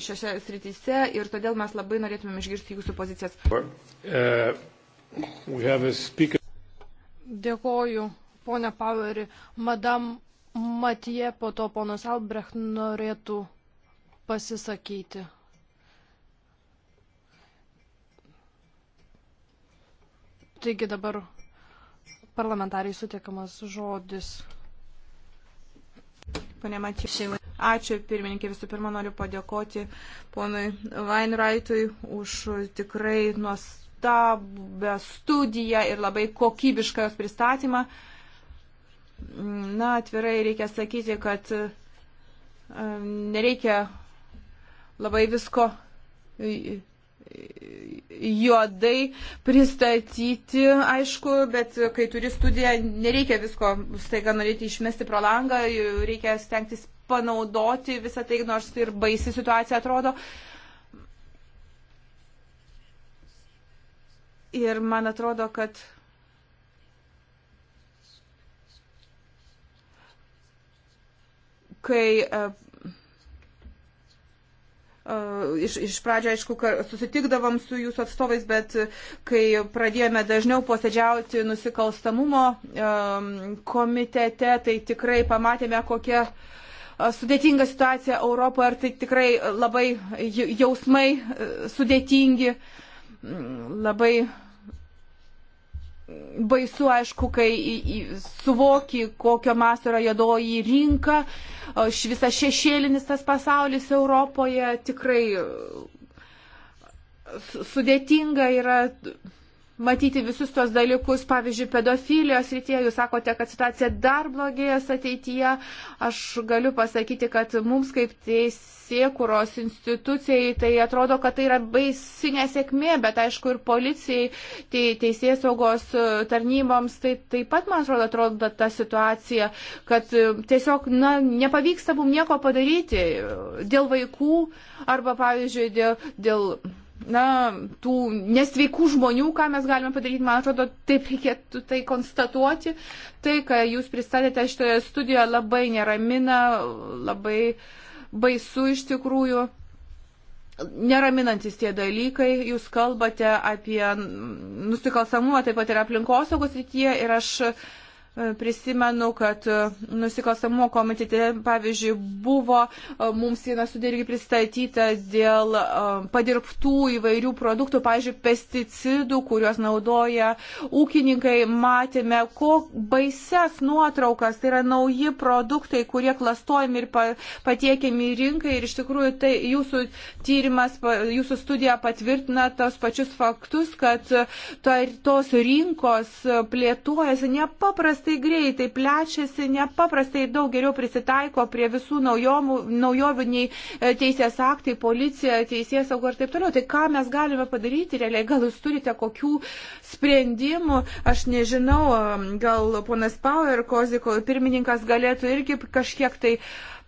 S3: šiose srityse ir todėl mes labai norėtumėm išgirsti jūsų pozicijas.
S2: Uh,
S3: Dėkoju,
S1: ponia Paveri. Madam Matie, po to ponas Albrecht norėtų pasisakyti. Taigi dabar parlamentarai
S3: sutiekamas žodis. Pane Matyšiai, ačiū pirmininkė. Visų pirma, noriu padėkoti ponui Vainraitui už tikrai nuostabę studiją ir labai kokybišką jos pristatymą. Na, atvirai reikia sakyti, kad nereikia labai visko juodai pristatyti, aišku, bet kai turi studiją, nereikia visko staiga norėti išmesti pro langą, reikia stengtis panaudoti visą tai, nors tai ir baisi situacija atrodo. Ir man atrodo, kad kai e, Iš, iš pradžio, aišku, susitikdavom su jūsų atstovais, bet kai pradėjome dažniau posėdžiauti nusikalstamumo komitete, tai tikrai pamatėme, kokia sudėtinga situacija Europoje ir tai tikrai labai jausmai sudėtingi, mm, labai baisu, aišku, kai suvoki, kokio masto yra jodoji rinka, visas šešėlinis tas pasaulis Europoje tikrai sudėtinga yra matyti visus tos dalykus, pavyzdžiui, pedofilijos rytie, jūs sakote, kad situacija dar blogėjęs ateityje, aš galiu pasakyti, kad mums kaip teisėkuros institucijai tai atrodo, kad tai yra baisi nesėkmė, bet aišku ir policijai, tai teisės saugos tarnyboms, tai taip pat, man atrodo, atrodo ta situacija, kad tiesiog, na, nepavyksta mums nieko padaryti dėl vaikų arba, pavyzdžiui, dėl, dėl na, tų nesveikų žmonių, ką mes galime padaryti, man atrodo, taip reikėtų tai konstatuoti. Tai, ką jūs pristatėte šitoje studijoje, labai neramina, labai baisu iš tikrųjų. Neraminantis tie dalykai, jūs kalbate apie nusikalstamumą, taip pat ir aplinkosaugos rytyje ir aš uh, Prisimenu, kad e, nusikalstamumo komitete, pavyzdžiui, buvo e, mums viena sudėlgi pristatyta dėl e, padirbtų įvairių produktų, pavyzdžiui, pesticidų, kuriuos naudoja ūkininkai. Matėme, ko baises nuotraukas, tai yra nauji produktai, kurie klastojami ir patiekiami į rinką. Ir iš tikrųjų, tai jūsų tyrimas, jūsų studija patvirtina tos pačius faktus, kad tos rinkos plėtuojasi nepaprastai nepaprastai greitai plečiasi, nepaprastai daug geriau prisitaiko prie visų naujomų, naujovių nei e, teisės aktai, policija, teisės saugo ir taip toliau. Tai ką mes galime padaryti realiai? Gal jūs turite kokių sprendimų? Aš nežinau, gal ponas Power, Koziko pirmininkas galėtų irgi kažkiek tai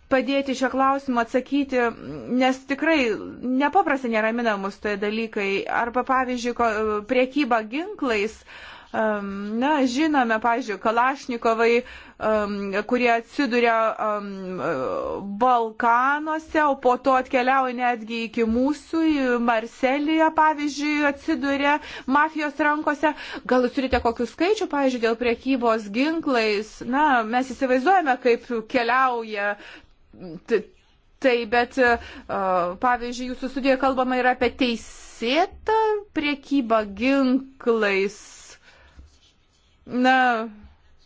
S3: padėti šio klausimo atsakyti, nes tikrai nepaprastai neramina mus toje dalykai. Arba, pavyzdžiui, e, priekyba ginklais. Uh, Na, žinome, pažiūrėjau, Kalašnikovai, kurie atsiduria Balkanuose, o po to atkeliauja netgi iki mūsų, Marselija, pavyzdžiui, atsiduria mafijos rankose. Gal jūs turite kokių skaičių, pavyzdžiui, dėl priekybos ginklais? Na, mes įsivaizduojame, kaip keliauja Tai, bet, e, pavyzdžiui, jūsų studijoje kalbama ir apie teisėtą priekybą ginklais na,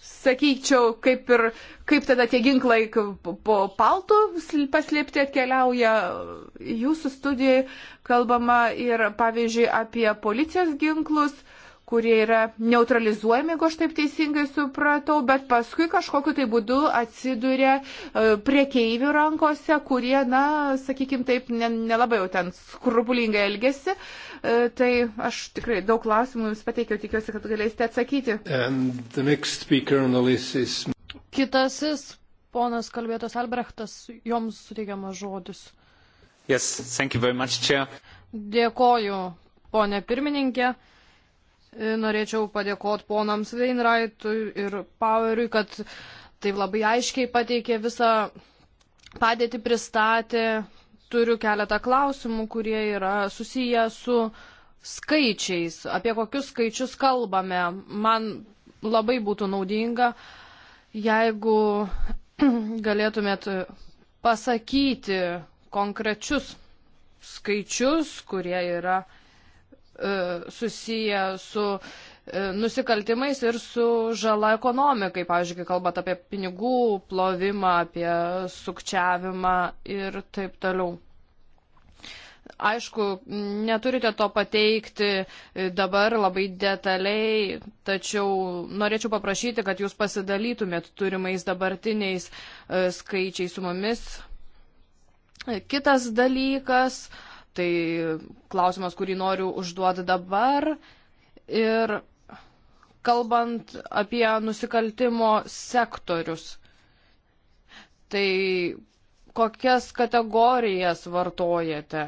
S3: sakyčiau, kaip ir kaip tada tie ginklai po paltų paslėpti atkeliauja. Jūsų studijai kalbama ir, pavyzdžiui, apie policijos ginklus kurie yra neutralizuojami, jeigu aš taip teisingai supratau, bet paskui kažkokiu tai būdu atsiduria e, priekeivių rankose, kurie, na, sakykime taip, nelabai ne jau ten skrupulingai elgesi. E, tai aš tikrai daug klausimų Jums pateikiau, tikiuosi, kad galėsite atsakyti.
S2: Is...
S1: Kitasis ponas kalbėtos Albrechtas, joms suteikiamas žodis.
S3: Yes, much, Chair.
S1: Dėkoju, ponė pirmininkė. Norėčiau padėkoti ponams Veinraitui ir Poweriui, kad taip labai aiškiai pateikė visą padėtį, pristatė. Turiu keletą klausimų, kurie yra susiję su skaičiais. Apie kokius skaičius kalbame. Man labai būtų naudinga, jeigu *clears throat* galėtumėt pasakyti konkrečius skaičius, kurie yra E, susiję su e, nusikaltimais ir su žala ekonomikai, pavyzdžiui, kai kalbat apie pinigų plovimą, apie sukčiavimą ir taip toliau. Aišku, neturite to pateikti dabar labai detaliai, tačiau norėčiau paprašyti, kad jūs pasidalytumėt turimais dabartiniais e, skaičiais su mumis. Kitas dalykas, uh, Tai klausimas, kurį noriu užduoti dabar. Ir kalbant apie nusikaltimo sektorius, tai kokias kategorijas vartojate?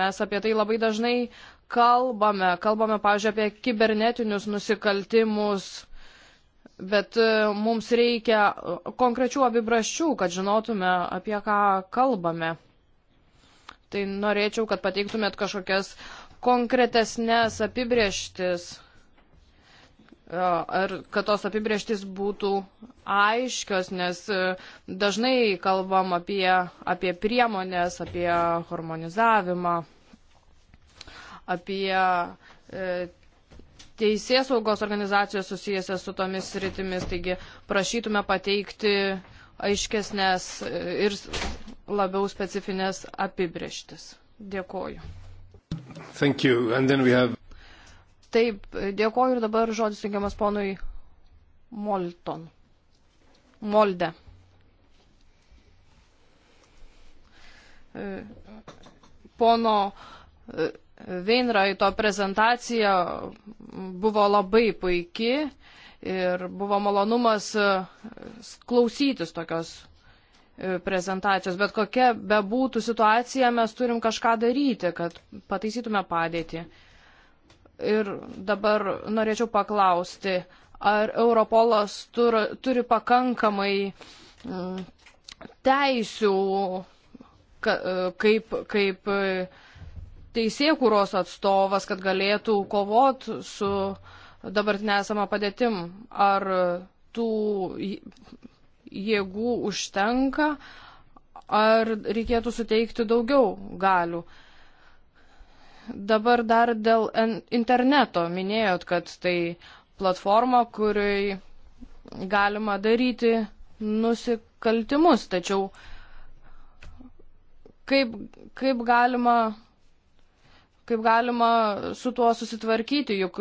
S1: Mes apie tai labai dažnai kalbame. Kalbame, pavyzdžiui, apie kibernetinius nusikaltimus. Bet e, mums reikia konkrečių apibraščių, kad žinotume, apie ką kalbame. Tai norėčiau, kad pateiktumėt kažkokias konkretesnės apibrieštis. Ar kad tos apibrieštis būtų aiškios, nes e, dažnai kalbam apie, apie priemonės, apie harmonizavimą, apie e, teisės saugos organizacijos susijęsias su tomis rytimis, taigi prašytume pateikti aiškesnės e, ir labiau specifines apibrieštis. Dėkoju.
S2: Have...
S1: Taip, dėkoju ir dabar žodis rengiamas ponui Molton. Molde. E, pono Veinraito prezentacija buvo labai puiki ir buvo malonumas e, klausytis tokios E, prezentacijos, bet kokia bebūtų situacija, mes turim kažką daryti, kad pataisytume padėtį. Ir dabar norėčiau paklausti, ar Europolas tur, turi pakankamai m, mm, teisių, ka, e, kaip, kaip e, teisėkūros atstovas, kad galėtų kovot su dabartinė esama padėtim, ar tų jėgų užtenka, ar reikėtų suteikti daugiau galių. Dabar dar dėl interneto minėjot, kad tai platforma, kuriai galima daryti nusikaltimus, tačiau kaip, kaip galima kaip galima su tuo susitvarkyti, juk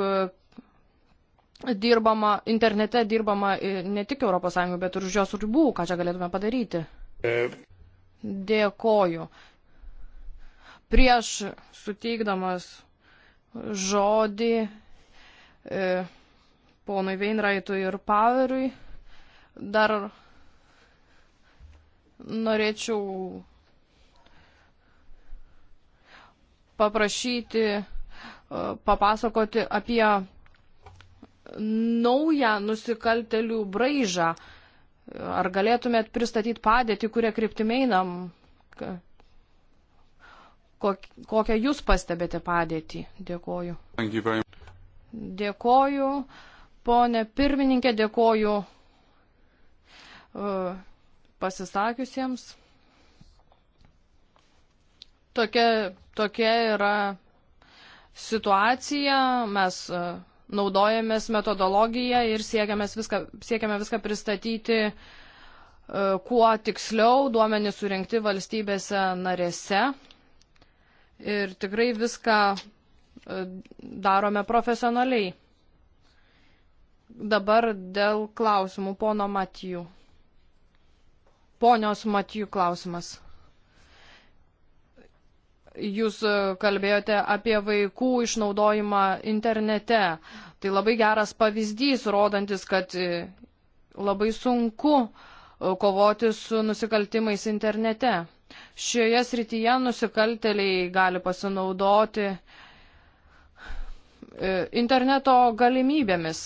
S1: dirbama, internete dirbama e, ne tik ES, bet ir už jos ribų, ką čia galėtume padaryti. E. Dėkoju. Prieš suteikdamas žodį e, ponui Veinraitui ir Paveriui dar norėčiau paprašyti e, papasakoti apie naują nusikaltelių braižą. Ar galėtumėt pristatyti padėtį, kurią kryptimį einam? Kokią jūs pastebėte padėtį? Dėkoju. Dėkoju, ponė pirmininkė, dėkoju uh, pasisakiusiems. Tokia, tokia yra situacija. Mes uh, naudojamės metodologiją ir viską, siekiame viską pristatyti e, kuo tiksliau, duomenys surinkti valstybėse narėse. Ir tikrai viską e, darome profesionaliai. Dabar dėl klausimų, pono Matijų. Ponios Matijų klausimas jūs e, kalbėjote apie vaikų išnaudojimą internete. Tai labai geras pavyzdys, rodantis, kad e, labai sunku e, kovoti su nusikaltimais internete. Šioje srityje nusikalteliai gali pasinaudoti interneto galimybėmis.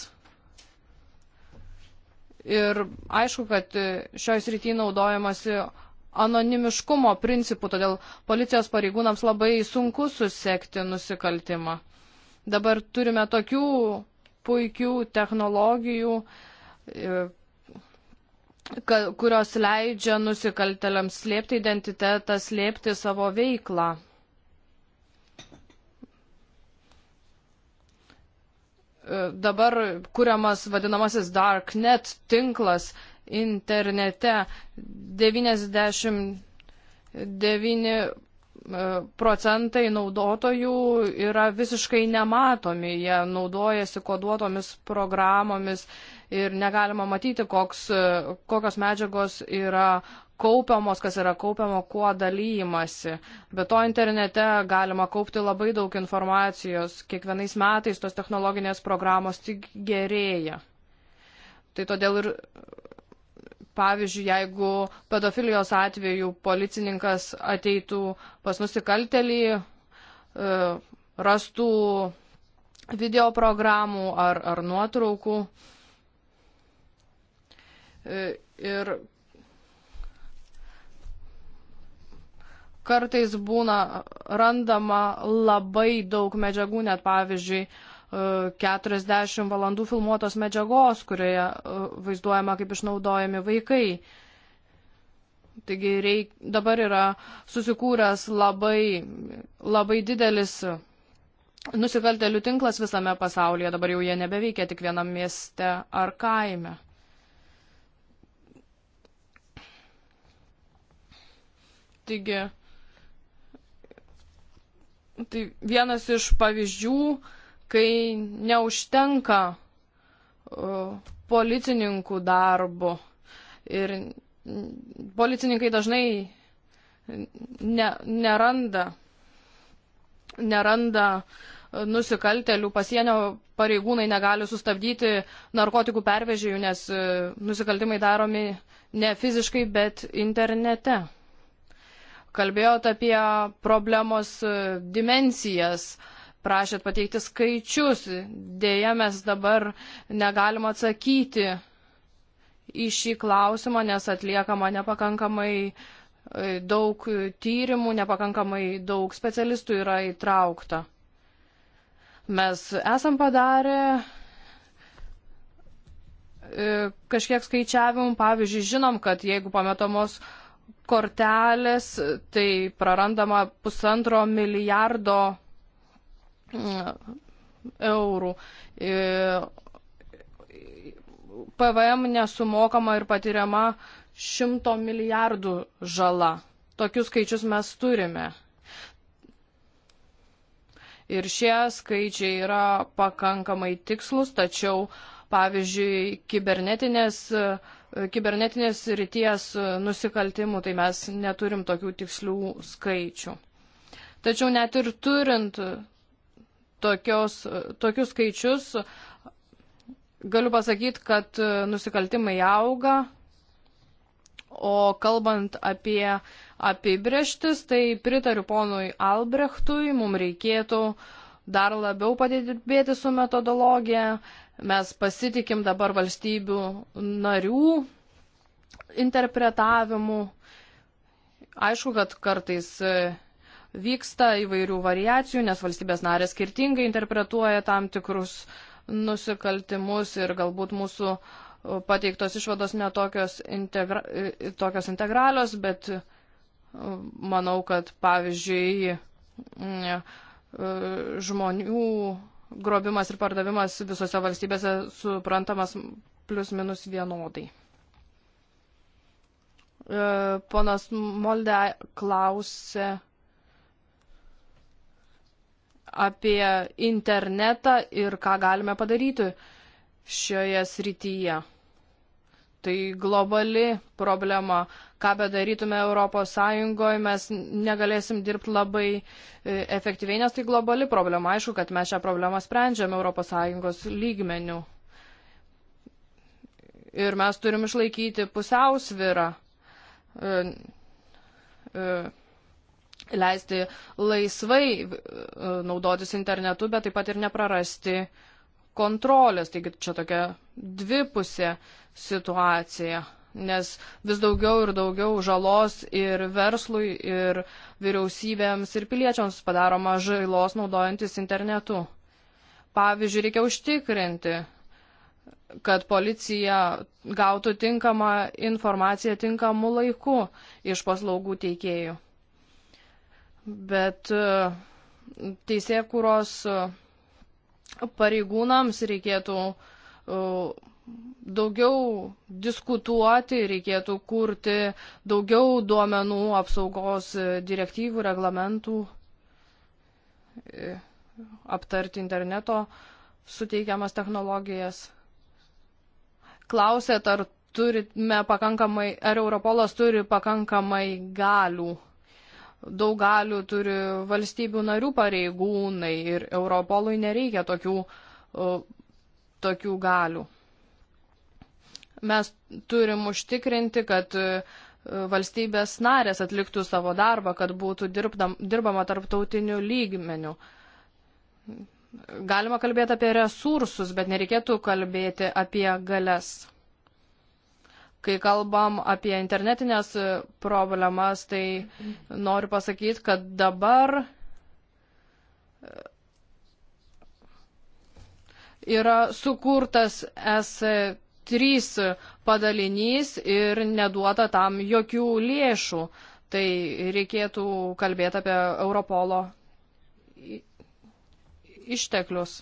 S1: Ir aišku, kad šioje srityje naudojamasi anonimiškumo principu, todėl policijos pareigūnams labai sunku susekti nusikaltimą. Dabar turime tokių puikių technologijų, e, kurios leidžia nusikalteliams slėpti identitetą, slėpti savo veiklą. E, dabar kuriamas vadinamasis darknet tinklas, internete 99 e, procentai naudotojų yra visiškai nematomi, jie naudojasi koduotomis programomis ir negalima matyti, koks, e, kokios medžiagos yra kaupiamos, kas yra kaupiama, kuo dalyjimasi. Be to internete galima kaupti labai daug informacijos, kiekvienais metais tos technologinės programos tik gerėja. Tai todėl ir Pavyzdžiui, jeigu pedofilijos atveju policininkas ateitų pas nusikaltelį, e, rastų video programų ar, ar nuotraukų. E, ir kartais būna randama labai daug medžiagų, net pavyzdžiui, 40 valandų filmuotos medžiagos, kurioje e, vaizduojama, kaip išnaudojami vaikai. Taigi reik, dabar yra susikūręs labai, labai didelis nusikaltelių tinklas visame pasaulyje, dabar jau jie nebeveikia tik vienam mieste ar kaime. Taigi, tai vienas iš pavyzdžių, kai neužtenka policininkų darbo. Ir policininkai dažnai ne, neranda, neranda nusikaltelių, pasienio pareigūnai negali sustabdyti narkotikų pervežėjų, nes e, nusikaltimai daromi ne fiziškai, bet internete. Kalbėjote apie problemos e, dimensijas, uh, prašėt pateikti skaičius, dėja mes dabar negalim atsakyti į šį klausimą, nes atliekama nepakankamai e, daug tyrimų, nepakankamai daug specialistų yra įtraukta. Mes esam padarę e, kažkiek skaičiavimų, pavyzdžiui, žinom, kad jeigu pametamos kortelės, tai prarandama pusantro milijardo eurų. E, PVM nesumokama ir patiriama 100 milijardų žala. Tokius skaičius mes turime. Ir šie skaičiai yra pakankamai tikslus, tačiau, pavyzdžiui, kibernetinės, kibernetinės ryties nusikaltimų, tai mes neturim tokių tikslių skaičių. Tačiau net ir turint tokios, tokius skaičius, galiu pasakyti, kad e, nusikaltimai auga, o kalbant apie apibrieštis, tai pritariu ponui Albrechtui, mums reikėtų dar labiau padėti su metodologija, mes pasitikim dabar valstybių narių interpretavimu. Aišku, kad kartais e, vyksta įvairių variacijų, nes valstybės narės skirtingai interpretuoja tam tikrus nusikaltimus ir galbūt mūsų e, pateiktos išvados netokios integra e, tokios integralios, bet e, manau, kad pavyzdžiui mm, žmonių grobimas ir pardavimas visose valstybėse suprantamas plus minus vienodai. Ponas Molde klausė apie internetą ir ką galime padaryti šioje srityje. Tai globali problema. Ką bedarytume ES, mes negalėsim dirbti labai e, efektyviai, nes tai globali problema. Aišku, kad mes šią problemą sprendžiame ES lygmenių. Ir mes turim išlaikyti pusiausvyrą. E, e, leisti laisvai e, naudotis internetu, bet taip pat ir neprarasti kontrolės. Taigi čia tokia dvipusė situacija, nes vis daugiau ir daugiau žalos ir verslui, ir vyriausybėms, ir piliečiams padaroma žalos naudojantis internetu. Pavyzdžiui, reikia užtikrinti, kad policija gautų tinkamą informaciją tinkamu laiku iš paslaugų teikėjų bet e, teisėkuros e, pareigūnams reikėtų e, daugiau diskutuoti, reikėtų kurti daugiau duomenų apsaugos direktyvų, reglamentų, aptarti interneto suteikiamas technologijas. Klausėt, ar turime pakankamai, ar Europolas turi pakankamai galių daug galių turi valstybių narių pareigūnai ir Europolui nereikia tokių, tokių galių. Mes turim užtikrinti, kad e, valstybės narės atliktų savo darbą, kad būtų dirbdam, dirbama tarptautiniu lygmeniu. Galima kalbėti apie resursus, bet nereikėtų kalbėti apie galias. Kai kalbam apie internetinės problemas, tai noriu pasakyti, kad dabar e, yra sukurtas S3 padalinys ir neduota tam jokių lėšų. Tai reikėtų kalbėti apie Europolo išteklius.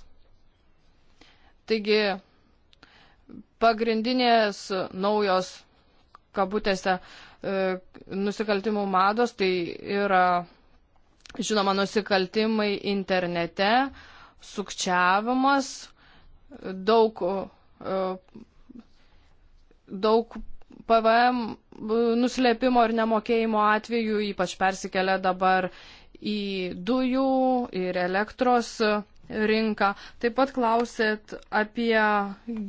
S1: Taigi pagrindinės naujos, kabutėse, e, nusikaltimų mados, tai yra, žinoma, nusikaltimai internete, sukčiavimas, daug, e, daug PVM nuslėpimo ir nemokėjimo atveju, ypač persikelia dabar į dujų ir elektros rinką. Taip pat klausėt apie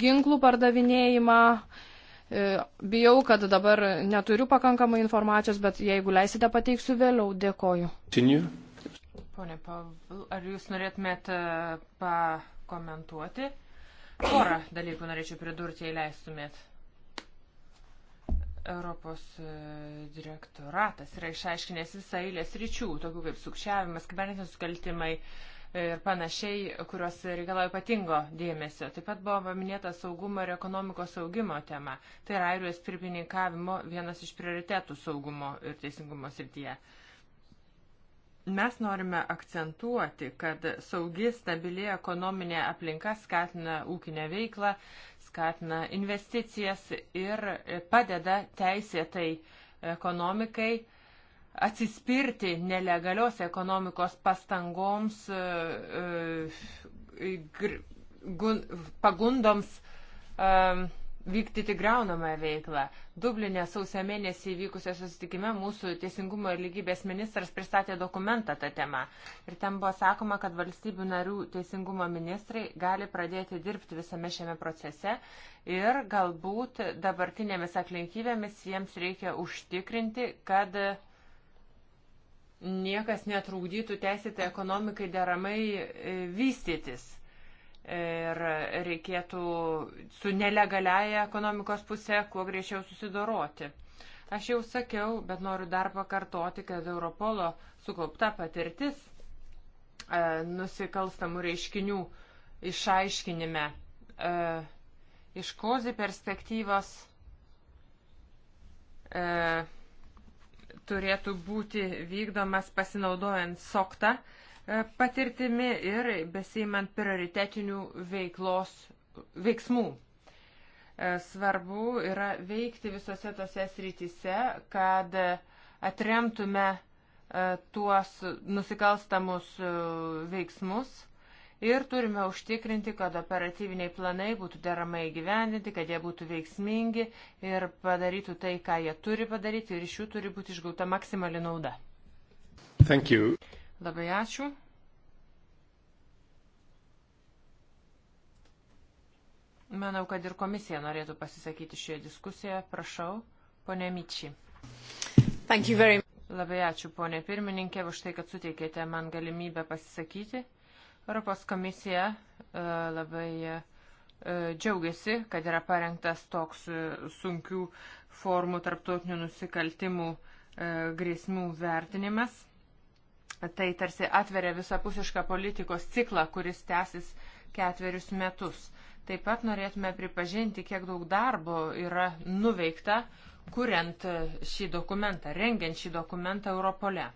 S1: ginklų pardavinėjimą. E, bijau, kad dabar neturiu pakankamai informacijos, bet jeigu leisite, pateiksiu vėliau. Dėkoju. Continue.
S2: Pone Pavl, ar jūs norėtumėt e, pakomentuoti? Porą dalykų norėčiau pridurti, jei leistumėt. Europos e, direktoratas yra išaiškinęs visą eilę sričių, tokių kaip sukčiavimas, kibernetiniai sukaltimai, uh, ir panašiai, kurios reikalauja ypatingo dėmesio. Taip pat buvo paminėta saugumo ir ekonomikos saugimo tema. Tai yra airijos pirmininkavimo vienas iš prioritetų saugumo ir teisingumo srityje. Mes norime akcentuoti, kad saugi, stabili ekonominė aplinka skatina ūkinę veiklą, skatina investicijas ir padeda teisėtai ekonomikai atsispirti nelegalios ekonomikos pastangoms, e, e, pagundoms e, vykdyti graunamą veiklą. Dublinė sausio mėnesį įvykusio susitikime mūsų teisingumo ir lygybės ministras pristatė dokumentą tą temą. Ir ten buvo sakoma, kad valstybių narių teisingumo ministrai gali pradėti dirbti visame šiame procese ir galbūt dabartinėmis aplinkybėmis jiems reikia užtikrinti, kad niekas netrūkdytų teisėtai ekonomikai deramai e, vystytis. Ir reikėtų su nelegaliaja ekonomikos pusė kuo greičiau susidoroti. Aš jau sakiau, bet noriu dar pakartoti, kad Europolo sukaupta patirtis e, nusikalstamų reiškinių išaiškinime e, iš kozi perspektyvos e, turėtų būti vykdomas pasinaudojant soktą e, patirtimi ir besijimant prioritetinių veiklos veiksmų. E, svarbu yra veikti visose tose srityse, kad atremtume e, tuos nusikalstamus veiksmus ir turime užtikrinti, kad operatyviniai planai būtų deramai gyvendinti, kad jie būtų veiksmingi ir padarytų tai, ką jie turi padaryti ir iš jų turi būti išgauta maksimali nauda. Thank you. Labai ačiū. Manau, kad ir komisija norėtų pasisakyti šioje diskusijoje. Prašau, ponė Miči. Labai ačiū, ponė pirmininkė, už tai, kad suteikėte man galimybę pasisakyti. Europos komisija e, labai e, e, džiaugiasi, kad yra parengtas toks sunkių formų tarptautinių nusikaltimų grėsmių vertinimas. Tai tarsi atveria visapusišką politikos ciklą, kuris tęsis ketverius metus. Taip pat norėtume pripažinti, kiek daug darbo yra nuveikta, kuriant šį dokumentą, rengiant šį dokumentą Europole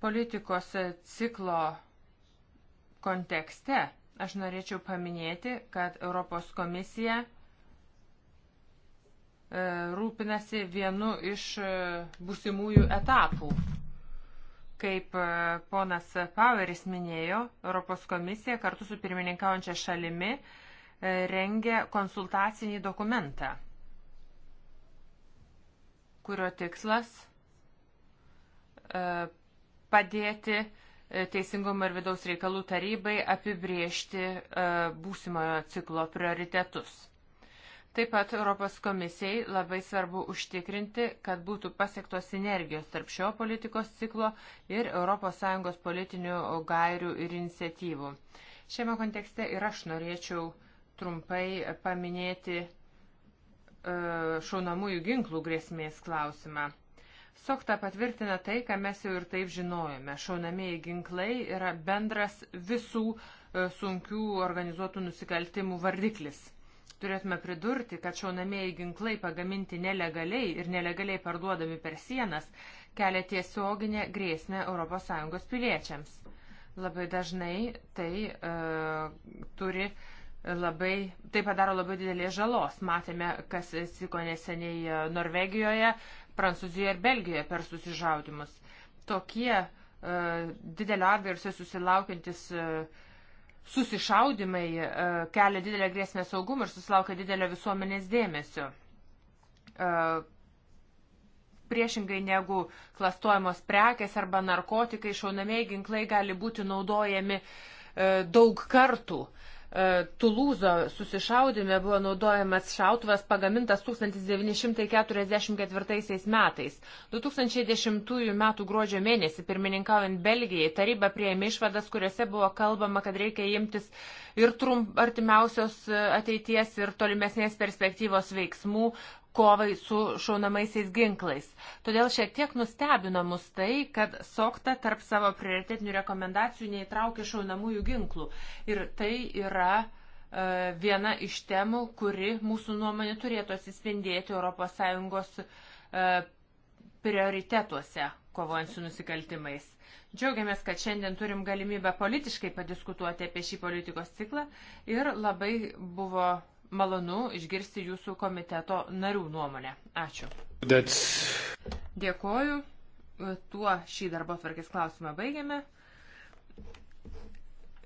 S2: politikos ciklo kontekste aš norėčiau paminėti, kad Europos komisija e, rūpinasi vienu iš e, būsimųjų etapų. Kaip e, ponas Poweris minėjo, Europos komisija kartu su pirmininkaujančia šalimi rengia konsultacinį dokumentą, kurio tikslas padėti e, Teisingumo ir vidaus reikalų tarybai apibriežti e, būsimojo ciklo prioritetus. Taip pat Europos komisijai labai svarbu užtikrinti, kad būtų pasiektos sinergijos tarp šio politikos ciklo ir ES politinių gairių ir iniciatyvų. Šiame kontekste ir aš norėčiau trumpai paminėti e, šaunamųjų ginklų grėsmės klausimą. Sokta patvirtina tai, ką mes jau ir taip žinojome. Šaunamieji ginklai yra bendras visų e, sunkių organizuotų nusikaltimų vardiklis. Turėtume pridurti, kad šaunamieji ginklai pagaminti nelegaliai ir nelegaliai parduodami per sienas kelia tiesioginę grėsmę ES piliečiams. Labai dažnai tai e, turi labai, tai padaro labai didelės žalos. Matėme, kas atsiko neseniai e, Norvegijoje, Prancūzijoje ir Belgijoje per susižaudimus. Tokie e, didelio atgarsio susilaukiantis e, susišaudimai e, kelia didelę grėsmę saugumą ir susilaukia didelio visuomenės dėmesio. E, priešingai negu klastojamos prekės arba narkotikai, šaunamieji ginklai gali būti naudojami e, daug kartų. E, E, Tulūzo susišaudime buvo naudojamas šautuvas pagamintas 1944 metais. 2010 m. gruodžio mėnesį, pirmininkaujant Belgijai, taryba prieėmė išvadas, kuriuose buvo kalbama, kad reikia imtis ir trump, artimiausios ateities, ir tolimesnės perspektyvos veiksmų, kovai su šaunamaisiais ginklais. Todėl šiek tiek nustebino mus tai, kad SOKTA tarp savo prioritetinių rekomendacijų neįtraukė šaunamųjų ginklų. Ir tai yra e, viena iš temų, kuri mūsų nuomonė turėtų atsispindėti ES e, prioritetuose kovojant su nusikaltimais. Džiaugiamės, kad šiandien turim galimybę politiškai padiskutuoti apie šį politikos ciklą ir labai buvo malonu išgirsti jūsų komiteto narių nuomonę. Ačiū. That's... Dėkoju. Tuo šį darbo tvarkės klausimą baigiame.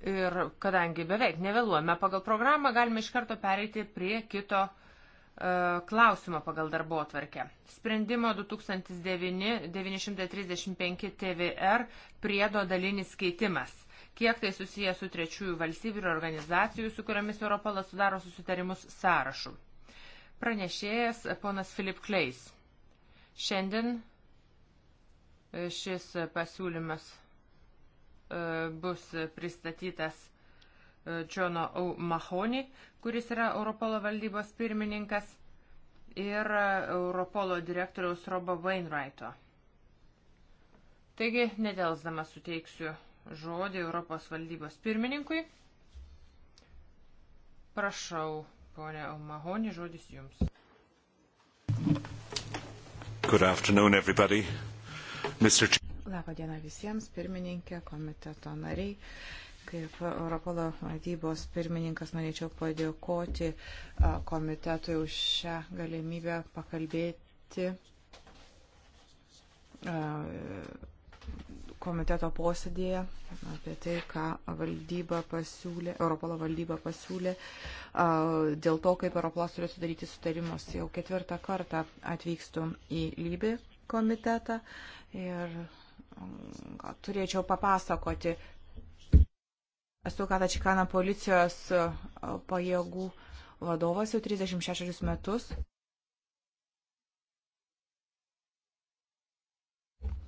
S2: Ir kadangi beveik nevėluojame pagal programą, galime iš karto pereiti prie kito e, klausimo pagal darbo atvarkę. Sprendimo 2935 TVR priedo dalinis keitimas kiek tai susiję su trečiųjų valstybių ir organizacijų, su kuriomis Europolas sudaro susitarimus sąrašu. Pranešėjas ponas Filip Kleis. Šiandien e, šis pasiūlymas e, bus pristatytas e, Džono Mahoni, kuris yra Europolo valdybos pirmininkas, ir Europolo direktoriaus Robo Wainwrighto. Taigi, nedelsdamas suteiksiu žodį Europos valdybos pirmininkui. Prašau, ponė Omahoni, žodis jums.
S3: Good afternoon, everybody. Mr. Ch Labą dieną visiems, pirmininkė, komiteto nariai. Kaip Europolo valdybos pirmininkas norėčiau padėkoti komitetui už šią galimybę pakalbėti komiteto posėdėje apie tai, ką valdyba pasiūlė, Europolo valdyba pasiūlė dėl to, kaip Europolas turi sudaryti sutarimus. Jau ketvirtą kartą atvykstu į Lybį komitetą ir mm, turėčiau papasakoti. Esu Katačikana policijos pajėgų vadovas jau 36 metus.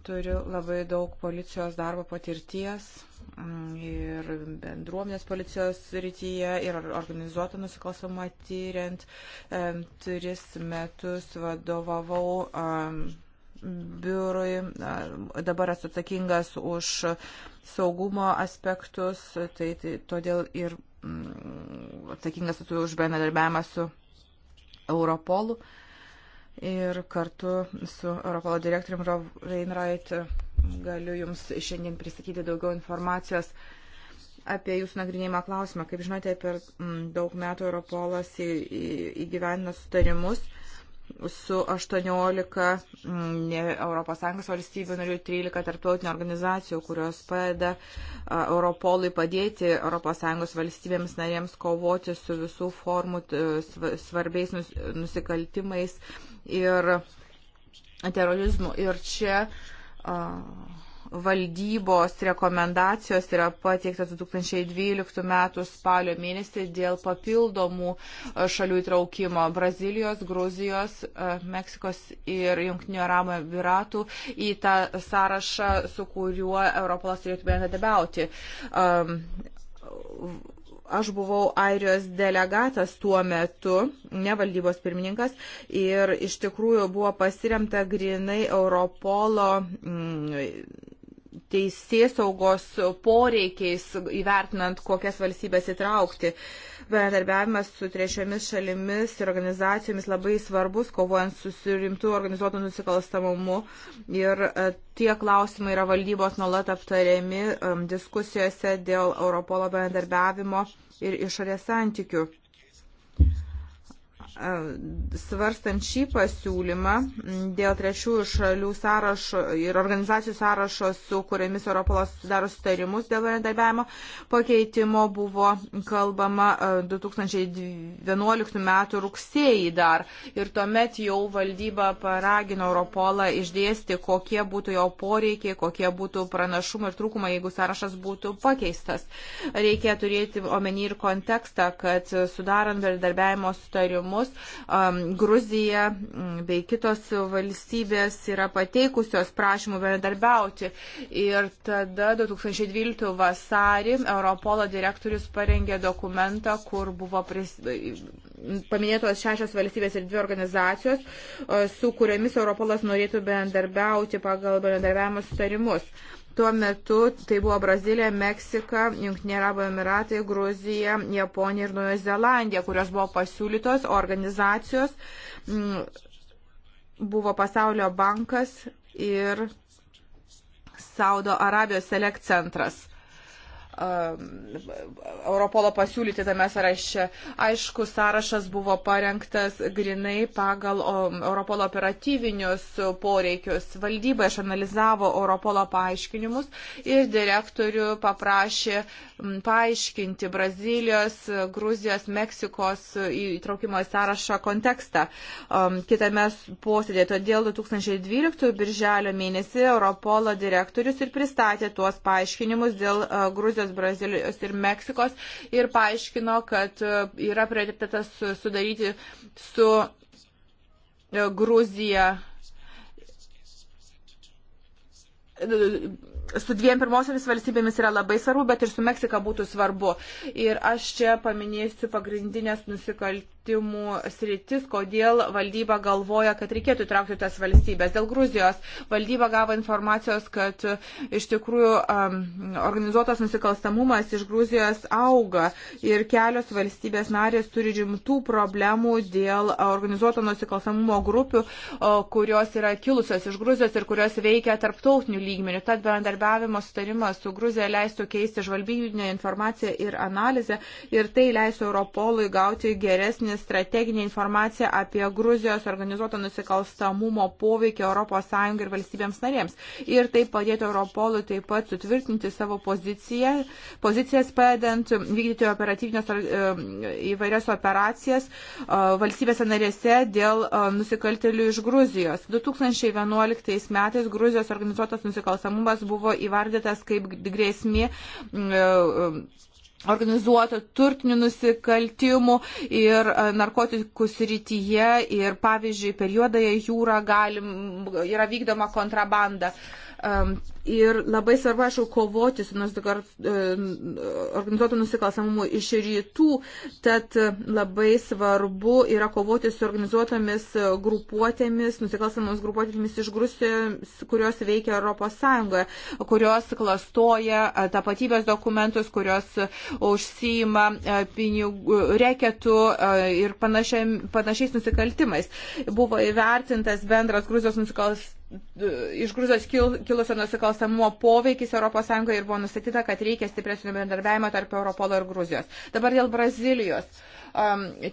S3: turiu labai daug policijos darbo patirties mm, ir bendruomenės policijos rytyje ir organizuotą nusikalstamą tyriant. Tris metus vadovavau biurui, dabar esu atsakingas už saugumo aspektus, tai, tai todėl ir mm, atsakingas esu už bendradarbiavimą su Europolu. Uh, ir kartu su Europolo direktorium Reinright galiu Jums šiandien pristatyti daugiau informacijos apie Jūsų nagrinėjimą klausimą. Kaip žinote, per mm, daug metų Europolas įgyvendino sutarimus su 18 mm, ne, ES valstybių narių 13 tarptautinių organizacijų, kurios padeda Europolui padėti ES valstybėms narėms kovoti su visų formų svarbiais nusikaltimais ir terorizmu. Ir čia valdybos rekomendacijos yra pateiktas 2012 m. spalio mėnesį dėl papildomų šalių įtraukimo - Brazilijos, Gruzijos, Meksikos ir Junktinio Aramo Viratų į tą sąrašą, su kuriuo Europolas turėtų bendradarbiauti. Aš buvau Airijos delegatas tuo metu, ne valdybos pirmininkas, ir iš tikrųjų buvo pasiremta grinai Europolo. Mm, teisės saugos poreikiais, įvertinant, kokias valstybės įtraukti. Uh, bendarbiavimas su trečiomis šalimis ir organizacijomis labai svarbus, kovojant su rimtu organizuotu nusikalstamumu. Ir e, tie klausimai yra valdybos nuolat aptariami e, diskusijose dėl Europolo bendarbiavimo ir išorės santykių. Svarstant šį pasiūlymą dėl trečiųjų šalių sąrašo ir organizacijų sąrašo, su kuriamis Europolas sudaro sutarimus dėl bendradarbiavimo pakeitimo, buvo kalbama 2011 e, m. rugsėjį dar. Ir tuomet jau valdyba paragino Europolą išdėsti, kokie būtų jo poreikiai, kokie būtų pranašumai ir trūkumai, jeigu sąrašas būtų pakeistas. Reikia turėti omeny ir kontekstą, kad sudarant bendradarbiavimo sutarimus, kurios um, Gruzija bei kitos valstybės yra pateikusios prašymų bendradarbiauti. Ir tada 2012 vasarį Europolo direktorius parengė dokumentą, kur buvo pris... paminėtos šešios valstybės ir dvi organizacijos, su kuriomis Europolas norėtų bendradarbiauti pagal bendradarbiavimo sutarimus. Tuo metu tai buvo Brazilija, Meksika, Junktinė Arabų Emiratai, Gruzija, Japonija ir Naujoji Zelandija, kurios buvo pasiūlytos organizacijos, mm, buvo Pasaulio bankas ir Saudo Arabijos select centras. Um, Europolo pasiūlyti tame sąraše. Aišku, sąrašas buvo parengtas grinai pagal um, Europolo operatyvinius poreikius. Valdyba išanalizavo Europolo paaiškinimus ir direktorių paprašė um, paaiškinti Brazilijos, Gruzijos, Meksikos įtraukimo į sąrašą kontekstą kitame posėdėje. Todėl 2012 birželio mėnesį Europolo direktorius ir pristatė tuos paaiškinimus dėl uh, Gruzijos Rusijos, Brazilijos ir Meksikos ir paaiškino, kad e, yra prioritetas sudaryti su e, Gruzija su dviem pirmosiomis valstybėmis yra labai svarbu, bet ir su Meksika būtų svarbu. Ir aš čia paminėsiu pagrindinės nusikalt svarstymų sritis, kodėl valdyba galvoja, kad reikėtų įtraukti tas valstybės. Dėl Gruzijos valdyba gavo informacijos, kad iš tikrųjų um, organizuotas nusikalstamumas iš Gruzijos auga ir kelios valstybės narės turi rimtų problemų dėl organizuoto nusikalstamumo grupių, kurios yra kilusios iš Gruzijos ir kurios veikia tarptautinių lygmenių. Tad bendarbiavimo sutarimas su Gruzija leistų keisti žvalgybinę informaciją ir analizę ir tai leistų Europolui gauti geresnį strateginė informacija apie Gruzijos organizuoto nusikalstamumo poveikį ES ir valstybėms narėms. Ir tai padėtų Europolui taip pat sutvirtinti savo poziciją, pozicijas padedant vykdyti operatyvinės e, įvairias operacijas e, valstybėse narėse dėl e, nusikaltelių iš Gruzijos. 2011 metais Gruzijos organizuotas nusikalstamumas buvo įvardytas kaip grėsmė organizuotų turtinių nusikaltimų ir e, narkotikų srityje ir pavyzdžiui per juodąją jūrą galim, yra vykdoma kontrabanda. Uh, Ir labai svarbu, aišku, kovoti su e, organizuotu nusikalstamumu iš rytų, tad labai svarbu yra kovoti su organizuotomis grupuotėmis, nusikalstamomis grupuotėmis iš Grusijos, kurios veikia ES, kurios klastoja e, tapatybės dokumentus, kurios užsijima e, pinigų reketų ir panašiai, panašiais nusikaltimais. Buvo įvertintas bendras Gruzijos nusikalstamumas iš Gruzijos kil, kilusio nusikalstamumo poveikis ES ir buvo nustatyta, kad reikia stipresnio bendradarbiavimo tarp Europolo ir Gruzijos. Dabar dėl Brazilijos.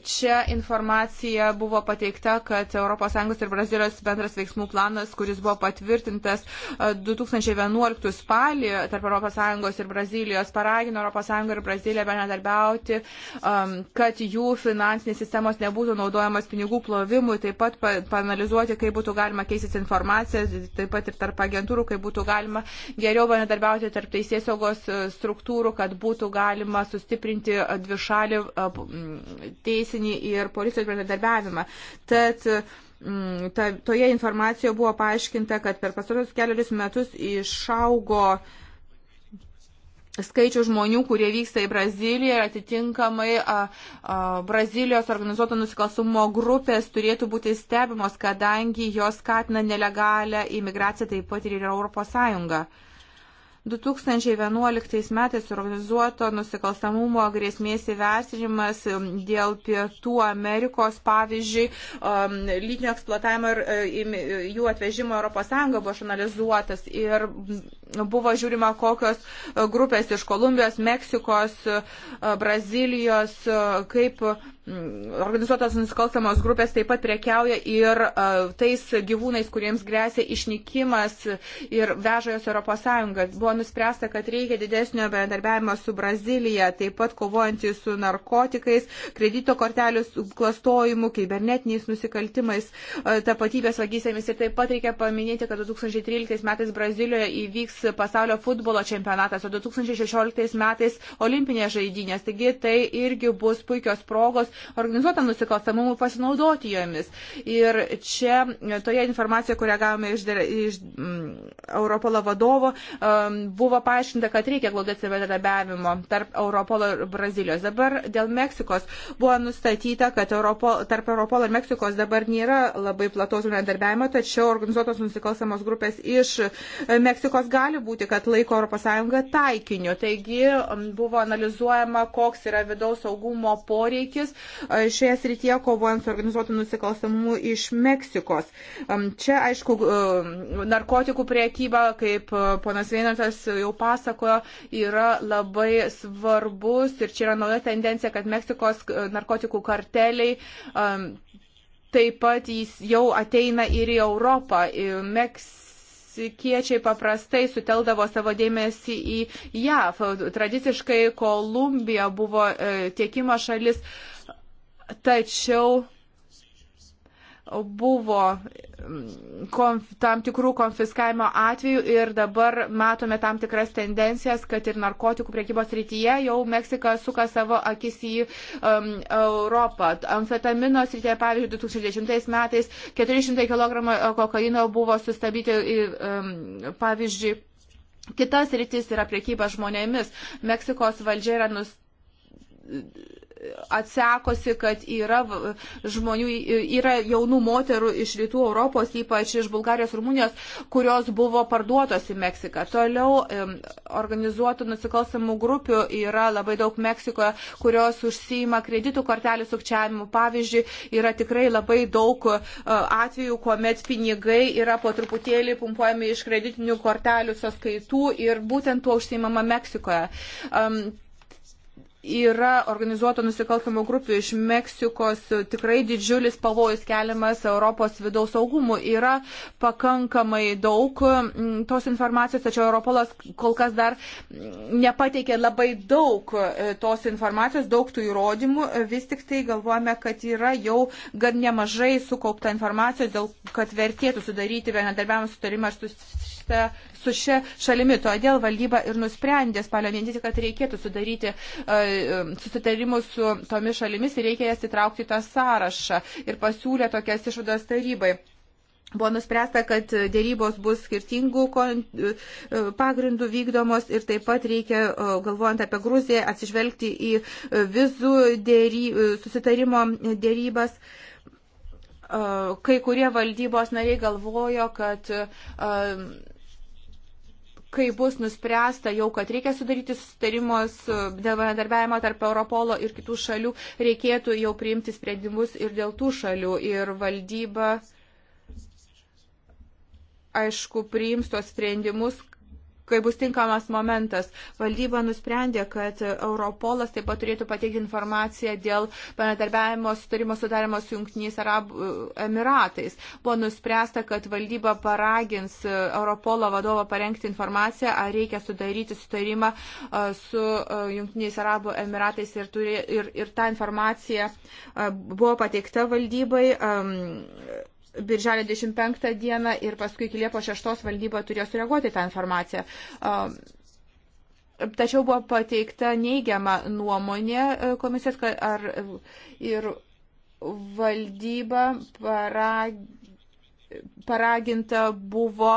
S3: Čia informacija buvo pateikta, kad ES ir Brazilijos bendras veiksmų planas, kuris buvo patvirtintas 2011 spalį tarp ES ir Brazilijos, paragino ES ir Braziliją bendradarbiauti, kad jų finansinės sistemos nebūtų naudojamas pinigų plovimui, taip pat panalizuoti, kaip būtų galima keistis informaciją, taip pat ir tarp agentūrų, kaip būtų galima geriau bendradarbiauti tarp teisėsaugos struktūrų, kad būtų galima sustiprinti dvišalį teisinį ir policijos bendradarbiavimą. Tad mm, ta, toje informacijoje buvo paaiškinta, kad per pastarosius keliarius metus išaugo skaičių žmonių, kurie vyksta į Braziliją ir atitinkamai a, a, Brazilijos organizuoto nusikalstumo grupės turėtų būti stebimos, kadangi jos skatina nelegalę imigraciją taip pat ir į Europos Sąjungą. A, 2011 metais organizuoto nusikalstamumo grėsmės įvertinimas um, dėl Pietų Amerikos, pavyzdžiui, um, lytinio eksploatavimo ir e, e, jų atvežimo ES buvo išanalizuotas ir buvo žiūrima, kokios e, grupės iš Kolumbijos, Meksikos, Brazilijos, kaip Mm, organizuotos nusikalstamos grupės taip pat prekiauja ir uh, tais gyvūnais, kuriems grėsia išnykimas ir veža jos Europos Sąjungą. Buvo nuspręsta, kad reikia didesnio bendarbiavimo su Brazilija, taip pat kovojantį su narkotikais, kredito kortelių klastojimu, kibernetiniais nusikaltimais, uh, tapatybės vagysėmis. Ir taip pat reikia paminėti, kad 2013 metais Brazilijoje įvyks pasaulio futbolo čempionatas, o 2016 metais olimpinės žaidynės. Taigi tai irgi bus puikios progos organizuotam nusikalstamumui pasinaudoti jomis. Ir čia toje informacijoje, kurią gavome iš, iš mm, Europolo vadovo, um, buvo paaiškinta, kad reikia glaudesnio bendradarbiavimo tarp Europolo ir Brazilijos. Dabar dėl Meksikos buvo nustatyta, kad Europo, tarp Europolo ir Meksikos dabar nėra labai plataus bendradarbiavimo, tačiau organizuotos nusikalstamos grupės iš Meksikos gali būti, kad laiko ES taikiniu. Taigi um, buvo analizuojama, koks yra vidaus saugumo poreikis šioje srityje kovojant su organizuotu nusikalstamumu iš Meksikos. Čia, aišku, narkotikų priekyba, kaip ponas Vienartas jau pasakojo, yra labai svarbus ir čia yra nauja tendencija, kad Meksikos narkotikų karteliai taip pat jis jau ateina ir į Europą. Meksikiečiai paprastai suteldavo savo dėmesį į JAV. Tradiciškai Kolumbija buvo e, tiekimo šalis. E, tačiau buvo mm, konf, tam tikrų konfiskavimo atvejų ir dabar matome tam tikras tendencijas, kad ir narkotikų priekybos rytyje jau Meksika suka savo akis į um, Europą. Amfetamino srityje, pavyzdžiui, 2010 metais 400 kg e, kokaino buvo sustabdyti, um, pavyzdžiui, kitas rytis yra priekyba žmonėmis. Meksikos valdžia yra nus atsekosi, kad yra žmonių, yra jaunų moterų iš rytų Europos, ypač iš Bulgarijos, Rumunijos, kurios buvo parduotos į Meksiką. Toliau organizuotų nusikalstamų grupių yra labai daug Meksikoje, kurios užsima kreditų kortelių sukčiavimu. Pavyzdžiui, yra tikrai labai daug e, atvejų, kuomet pinigai yra po truputėlį pumpuojami iš kreditinių kortelių sąskaitų ir būtent tuo užsimama Meksikoje yra organizuoto nusikaltamo grupių iš Meksikos tikrai didžiulis pavojus keliamas Europos vidaus saugumų. Yra pakankamai daug mm, tos informacijos, tačiau Europolas kol kas dar nepateikė labai daug e, tos informacijos, daug tų įrodymų. E, vis tik tai galvojame, kad yra jau gan nemažai sukaupta informacijos, dėl kad vertėtų sudaryti bendradarbiavimo sutarimą ar vyksta su šia šalimi. Todėl valdyba ir nusprendė spalio mėnesį, kad reikėtų sudaryti uh, susitarimus su tomis šalimis ir reikia jas įtraukti į tą sąrašą ir pasiūlė tokias išvadas tarybai. Buvo nuspręsta, kad dėrybos bus skirtingų e, pagrindų vykdomos ir taip pat reikia, e, galvojant apie Gruziją, atsižvelgti į vizų dėry, susitarimo dėrybas kai kurie valdybos nariai galvojo, kad kai bus nuspręsta jau, kad reikia sudaryti susitarimus dėl bendarbiavimo tarp Europolo ir kitų šalių, reikėtų jau priimti sprendimus ir dėl tų šalių. Ir valdyba, aišku, priims tos sprendimus, kai bus tinkamas momentas. Valdyba nusprendė, kad Europolas taip pat turėtų pateikti informaciją dėl bendradarbiavimo sutarimo sudarimo su Junktiniais Arabų Emiratais. Buvo nuspręsta, kad valdyba paragins Europolo vadovą parengti informaciją, ar reikia sudaryti sutarimą su Junktiniais Arabų Emiratais ir, turi, ir, ir ta informacija buvo pateikta valdybai birželio 25 dieną ir paskui iki Liepo 6 valdyba turėjo sureaguoti tą informaciją. Tačiau buvo pateikta neigiama nuomonė e, komisijos, ar ir valdyba para, paraginta buvo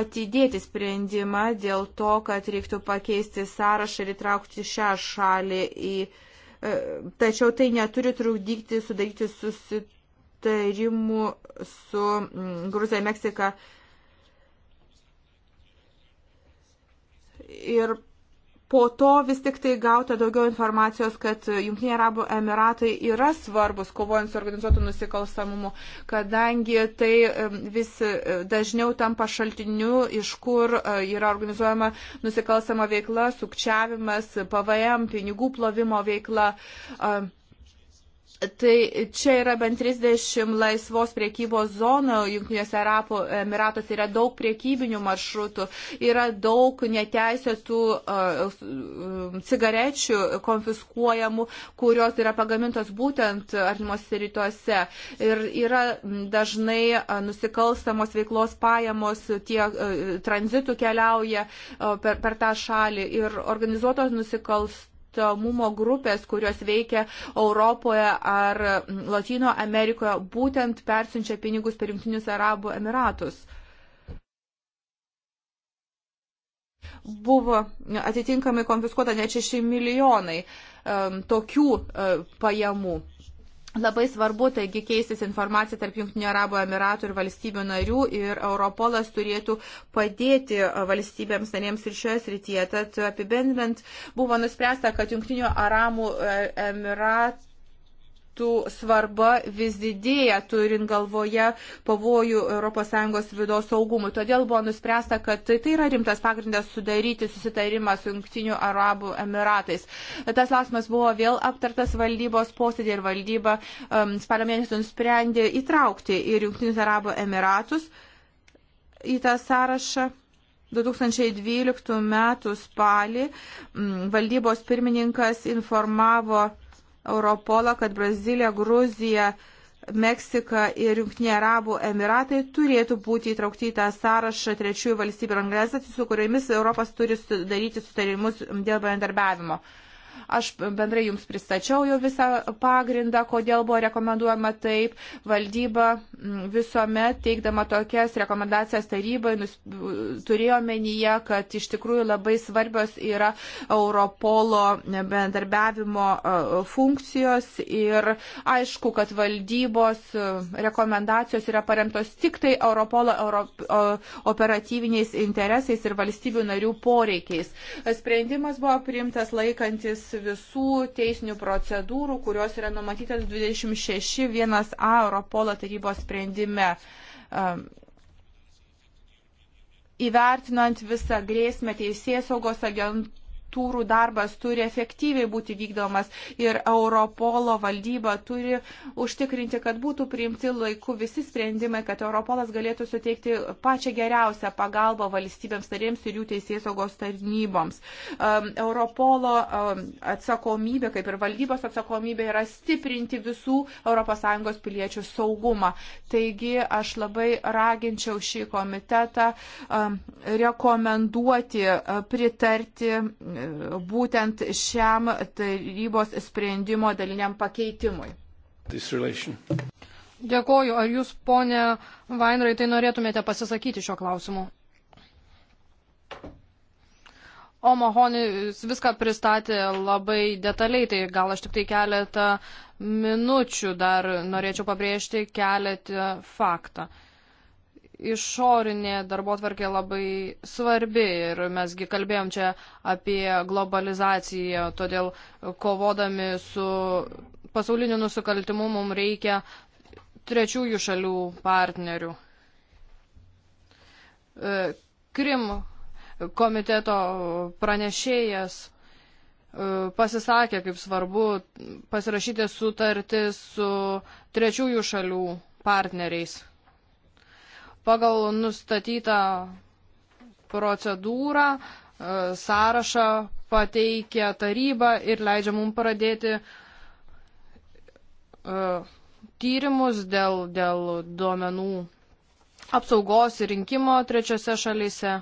S3: atidėti sprendimą dėl to, kad reiktų pakeisti sąrašą ir įtraukti šią šalį į. E, tačiau tai neturi trukdyti sudaryti susitikimą susitarimų su mm, Gruzija, Meksika. Ir po to vis tik tai gauta daugiau informacijos, kad Junktiniai Arabų Emiratai yra svarbus kovojant su organizuotu nusikalstamumu, kadangi tai vis e, dažniau tampa šaltiniu, iš kur e, yra organizuojama nusikalstama veikla, sukčiavimas, PVM, pinigų plovimo veikla. Uh, Tai čia yra bent 30 laisvos priekybos zonų, Junktinėse Arabų Emiratuose yra daug priekybinių maršrutų, yra daug neteisėtų uh, cigarečių konfiskuojamų, kurios yra pagamintos būtent artimuose rytuose. Ir yra dažnai uh, nusikalstamos veiklos pajamos, tie uh, tranzitų keliauja uh, per, per tą šalį ir organizuotos nusikalstamos nusikalstamumo grupės, kurios veikia Europoje ar Latino Amerikoje, būtent persiunčia pinigus per Junktinius Arabų Emiratus. Buvo atitinkamai konfiskuota net 6 milijonai um, tokių uh, pajamų. Labai svarbu, taigi keisis informacija tarp Junktinio Arabo Emiratų ir valstybių narių ir Europolas turėtų padėti valstybėms narėms ir šioje srityje. Tad apibendrint buvo nuspręsta, kad Junktinio Arabų e, Emirat, aktų svarba vis didėja, turint galvoje pavojų ES vidaus saugumui. Todėl buvo nuspręsta, kad tai, tai yra rimtas pagrindas sudaryti susitarimą su Junktinių Arabų Emiratais. Tas klausimas buvo vėl aptartas valdybos posėdė ir valdyba um, spalio mėnesį nusprendė įtraukti ir Junktinius Arabų Emiratus į tą sąrašą. 2012 m. spalį mm, valdybos pirmininkas informavo Europolą, kad Brazilija, Gruzija, Meksika ir Junktinė Arabų Emiratai turėtų būti įtraukti į tą sąrašą trečiųjų valstybių organizacijų, su kuriomis Europas turi sudaryti sutarimus dėl bendarbiavimo. Uh, Aš bendrai jums pristačiau jau visą pagrindą, kodėl buvo rekomenduojama taip. Valdyba mm, visuomet teikdama tokias rekomendacijas tarybai turėjo menyje, kad iš tikrųjų labai svarbios yra Europolo bendarbiavimo e, funkcijos ir aišku, kad valdybos e, rekomendacijos yra paremtos tik tai Europolo Europ, operatyviniais interesais ir valstybių narių poreikiais. Sprendimas buvo priimtas laikantis visų teisinių procedūrų, kurios yra numatytas 26.1a Europolo tarybos sprendime. Ehm, įvertinant visą grėsmę teisės saugos agentūrų struktūrų darbas turi efektyviai būti vykdomas ir Europolo valdyba turi užtikrinti, kad būtų priimti laiku visi sprendimai, kad Europolas galėtų suteikti pačią geriausią pagalbą valstybėms narėms ir jų teisėsaugos tarnyboms. Um, Europolo um, atsakomybė, kaip ir valdybos atsakomybė, yra stiprinti visų ES piliečių saugumą. Taigi aš labai raginčiau šį komitetą um, rekomenduoti, uh, pritarti būtent šiam tarybos sprendimo daliniam pakeitimui. Dėkoju.
S1: Ar jūs, ponė Vainrai, tai norėtumėte pasisakyti šio klausimu? O Mahonis viską pristatė labai detaliai, tai gal aš tik tai keletą minučių dar norėčiau pabrėžti keletą faktą. Uh, išorinė darbo tvarkė labai svarbi ir mesgi kalbėjom čia apie globalizaciją, todėl kovodami su pasauliniu nusikaltimu mums reikia trečiųjų šalių partnerių. E, Krim komiteto pranešėjas e, pasisakė, kaip svarbu pasirašyti sutartis su trečiųjų šalių partneriais pagal nustatytą procedūrą e, sąrašą pateikia taryba ir leidžia mums pradėti e, tyrimus dėl, dėl duomenų apsaugos ir rinkimo trečiose šalyse.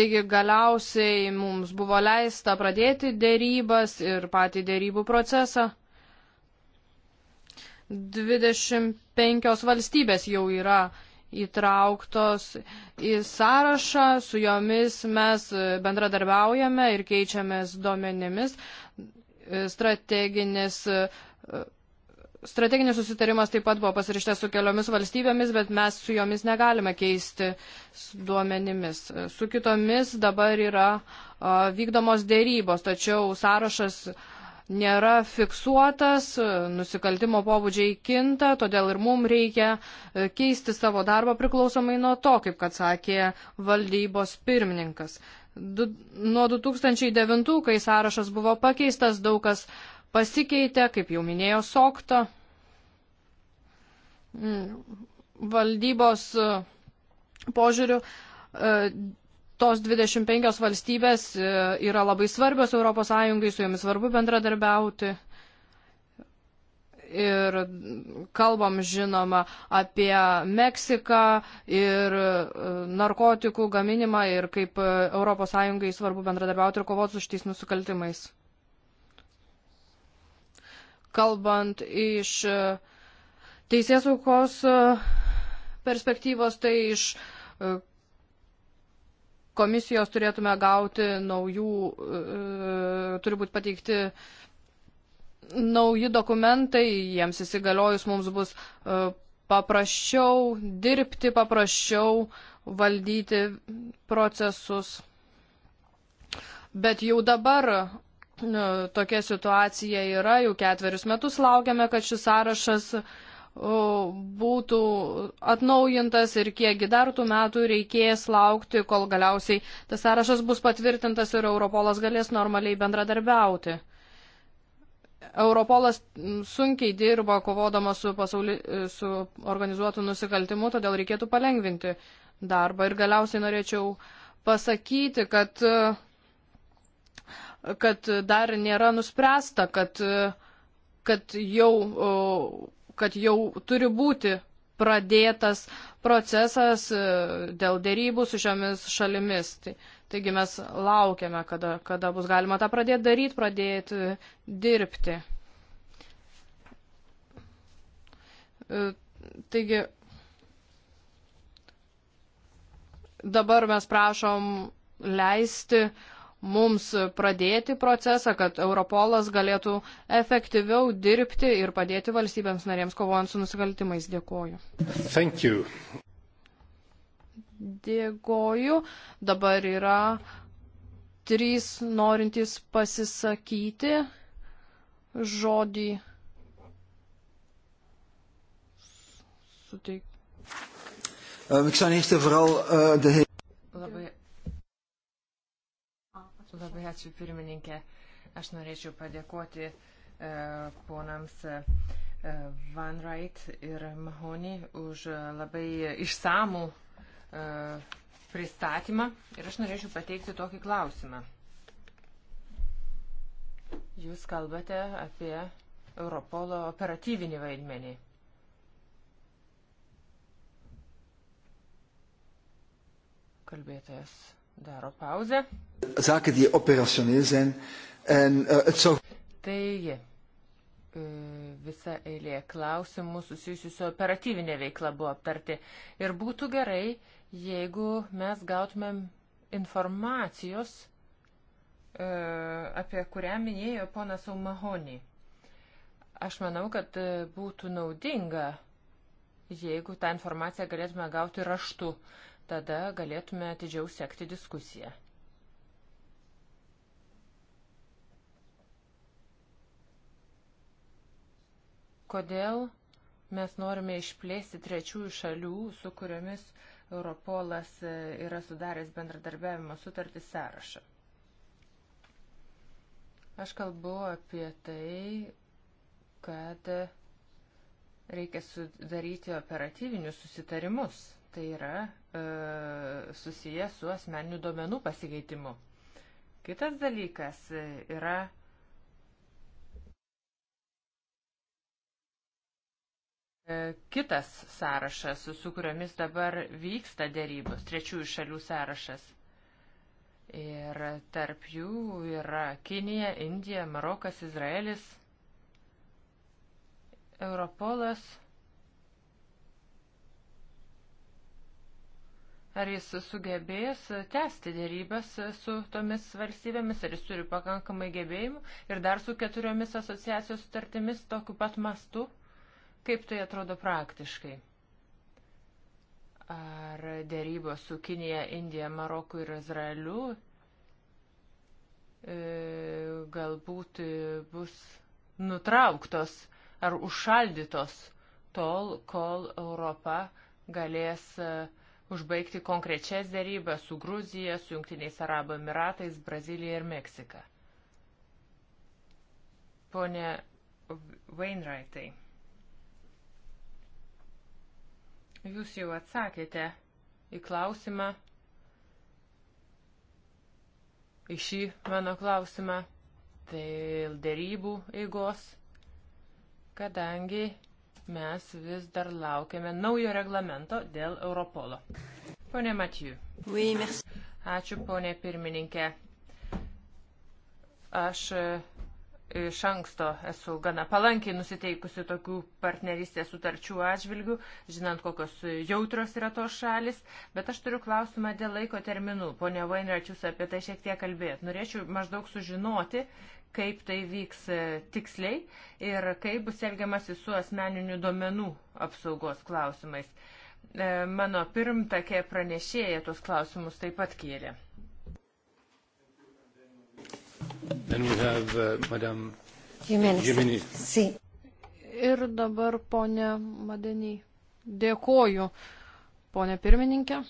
S1: Taigi galiausiai mums buvo leista pradėti dėrybas ir patį dėrybų procesą. 25 valstybės jau yra įtrauktos į sąrašą, su jomis mes bendradarbiaujame ir keičiamės duomenimis. Strateginis, strateginis susitarimas taip pat buvo pasirištas su keliomis valstybėmis, bet mes su jomis negalime keisti duomenimis. Su kitomis dabar yra vykdomos dėrybos, tačiau sąrašas nėra fiksuotas, nusikaltimo pobūdžiai kinta, todėl ir mums reikia e, keisti savo darbą priklausomai nuo to, kaip kad sakė valdybos pirmininkas. Du, nuo 2009, kai sąrašas buvo pakeistas, daug kas pasikeitė, kaip jau minėjo Sokta. Mm, valdybos e, požiūriu e, tos 25 valstybės e, yra labai svarbios ES, su jomis svarbu bendradarbiauti. Ir kalbam žinoma apie Meksiką ir e, narkotikų gaminimą ir kaip ES svarbu bendradarbiauti ir kovoti su šitais nusikaltimais. Kalbant iš e, teisės aukos perspektyvos, tai iš komisijos turėtume gauti naujų, e, turi būti pateikti nauji dokumentai, jiems įsigaliojus mums bus e, paprasčiau dirbti, paprasčiau valdyti procesus. Bet jau dabar e, tokia situacija yra, jau ketverius metus laukiame, kad šis sąrašas uh, būtų atnaujintas ir kiekgi dar tų metų reikės laukti, kol galiausiai tas sąrašas bus patvirtintas ir Europolas galės normaliai bendradarbiauti. Europolas sunkiai dirba kovodamas su, pasauli, su organizuotu nusikaltimu, todėl reikėtų palengvinti darbą. Ir galiausiai norėčiau pasakyti, kad, kad dar nėra nuspręsta, kad, kad jau kad jau turi būti pradėtas procesas e, dėl dėrybų su šiomis šalimis. Tai, taigi mes laukiame, kada, kada bus galima tą pradėti daryti, pradėti e, dirbti. E, taigi dabar mes prašom leisti uh, mums pradėti procesą, kad Europolas galėtų efektyviau dirbti ir padėti valstybėms narėms kovojant su nusikaltimais. Dėkuoju. Dėkuoju. Dabar yra trys norintys pasisakyti žodį.
S2: Suteik.
S3: Um, ik zou eerst en vooral uh,
S2: de. Labai Labai ačiū pirmininkė. Aš norėčiau padėkoti e, ponams e, Van Wright ir Mahoney už labai išsamų e, pristatymą ir aš norėčiau pateikti tokį klausimą. Jūs kalbate apie Europolo operatyvinį vaidmenį. Kalbėtojas daro pauzę. Zaken die operationeel zijn. En uh, e, het zou. Taigi, e, visa eilė klausimų susijusių su operatyvinė veikla buvo aptarti. Ir būtų gerai, jeigu mes gautumėm informacijos, e, apie kurią minėjo ponas Aumahonį. Aš manau, kad būtų naudinga, jeigu tą informaciją galėtume gauti raštu. Tada galėtume atidžiau sekti diskusiją. Kodėl mes norime išplėsti trečiųjų šalių, su kuriomis Europolas e, yra sudaręs bendradarbiavimo sutartį sąrašą? Aš kalbu apie tai, kad reikia sudaryti operatyvinius susitarimus tai yra e, susiję su asmeninių duomenų pasikeitimu. Kitas dalykas e, yra e, kitas sąrašas, su kuriomis dabar vyksta dėrybos, trečiųjų šalių sąrašas. Ir tarp jų yra Kinija, Indija, Marokas, Izraelis, Europolas ar jis sugebės tęsti dėrybęs su tomis valstybėmis, ar jis turi pakankamai gebėjimų ir dar su keturiomis asociacijos sutartimis tokiu pat mastu, kaip tai atrodo praktiškai. Ar dėrybos su Kinija, Indija, Maroku ir Izraeliu e, galbūt bus nutrauktos ar užšaldytos tol, kol Europa galės uh, užbaigti konkrečias dėrybas su Gruzija, su Junktiniais Arabų Emiratais, Brazilija ir Meksika. Pone Wainwrightai, jūs jau atsakėte į klausimą, į šį mano klausimą, tai dėrybų eigos, kadangi mes vis dar laukiame naujo reglamento dėl Europolo. Pone Matijų. Oui, merci. Ačiū, ponė pirmininkė. Aš e, iš anksto esu gana palankiai nusiteikusi tokių partnerystės sutarčių atžvilgių, žinant, kokios jautrios yra tos šalis, bet aš turiu klausimą dėl laiko terminų. Pone Vainrat, jūs apie tai šiek tiek kalbėjot. Norėčiau maždaug sužinoti, kaip tai vyks e, tiksliai ir kaip bus elgiamasi su asmeninių duomenų apsaugos klausimais. E, mano pirmtakė pranešėja tuos klausimus taip pat kėlė.
S3: Uh,
S1: ir dabar ponė Madenį. Dėkoju, ponė pirmininkė.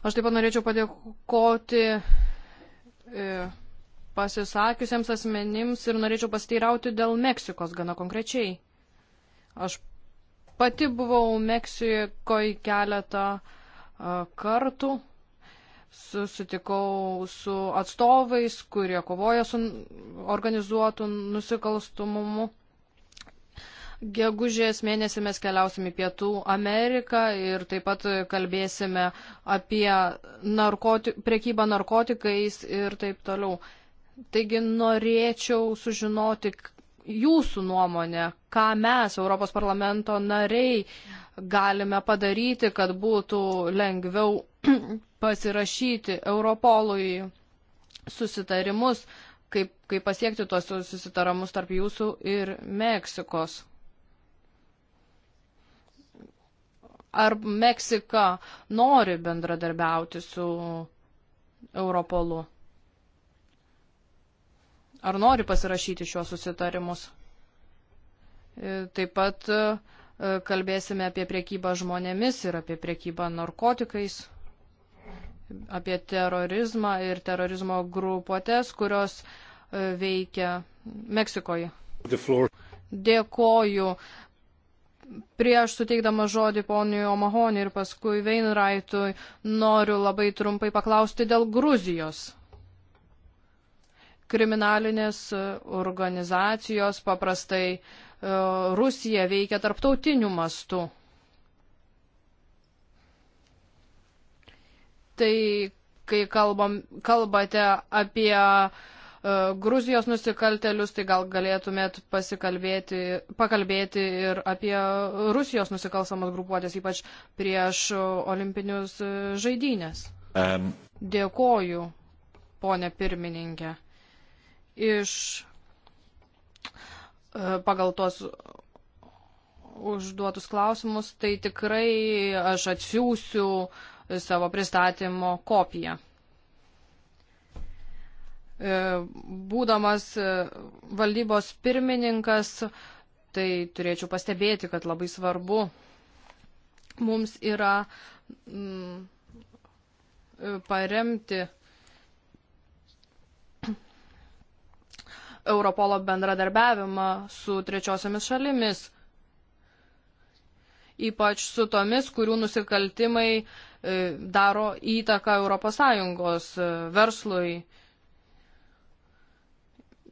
S1: Aš taip pat norėčiau padėkoti e, pasisakiusiems asmenims ir norėčiau pasteirauti dėl Meksikos gana konkrečiai. Aš pati buvau Meksikoje keletą e, kartų, susitikau su atstovais, kurie kovoja su organizuotu nusikalstumumu. Gegužės mėnesį mes keliausim į Pietų Ameriką ir taip pat kalbėsime apie narkoti prekybą narkotikais ir taip toliau. Taigi norėčiau sužinoti jūsų nuomonę, ką mes, Europos parlamento nariai, galime padaryti, kad būtų lengviau *clears throat* pasirašyti Europolui susitarimus, kaip, kaip pasiekti tuos susitarimus tarp jūsų ir Meksikos. ar Meksika nori bendradarbiauti su Europolu? Ar nori pasirašyti šiuos susitarimus? E, taip pat e, kalbėsime apie priekybą žmonėmis ir apie priekybą narkotikais, apie terorizmą ir terorizmo grupuotės, kurios e, veikia Meksikoje. Dėkoju Prieš suteikdama žodį poniui Omahonį ir paskui Veinraitui noriu labai trumpai paklausti dėl Gruzijos. Kriminalinės e, organizacijos paprastai e, Rusija veikia tarptautiniu mastu. Tai kai kalbam, kalbate apie E, Gruzijos nusikaltelius, tai gal galėtumėt pakalbėti ir apie Rusijos nusikalstamas grupuotės, ypač prieš olimpinius žaidynės. Um. Dėkoju, ponė pirmininkė. Iš e, pagal tos užduotus klausimus, tai tikrai aš atsiųsiu savo pristatymo kopiją. E, būdamas e, valdybos pirmininkas, tai turėčiau pastebėti, kad labai svarbu mums yra mm, e, paremti Europolo bendradarbiavimą su trečiosiomis šalimis, ypač su tomis, kurių nusikaltimai daro įtaką ES verslui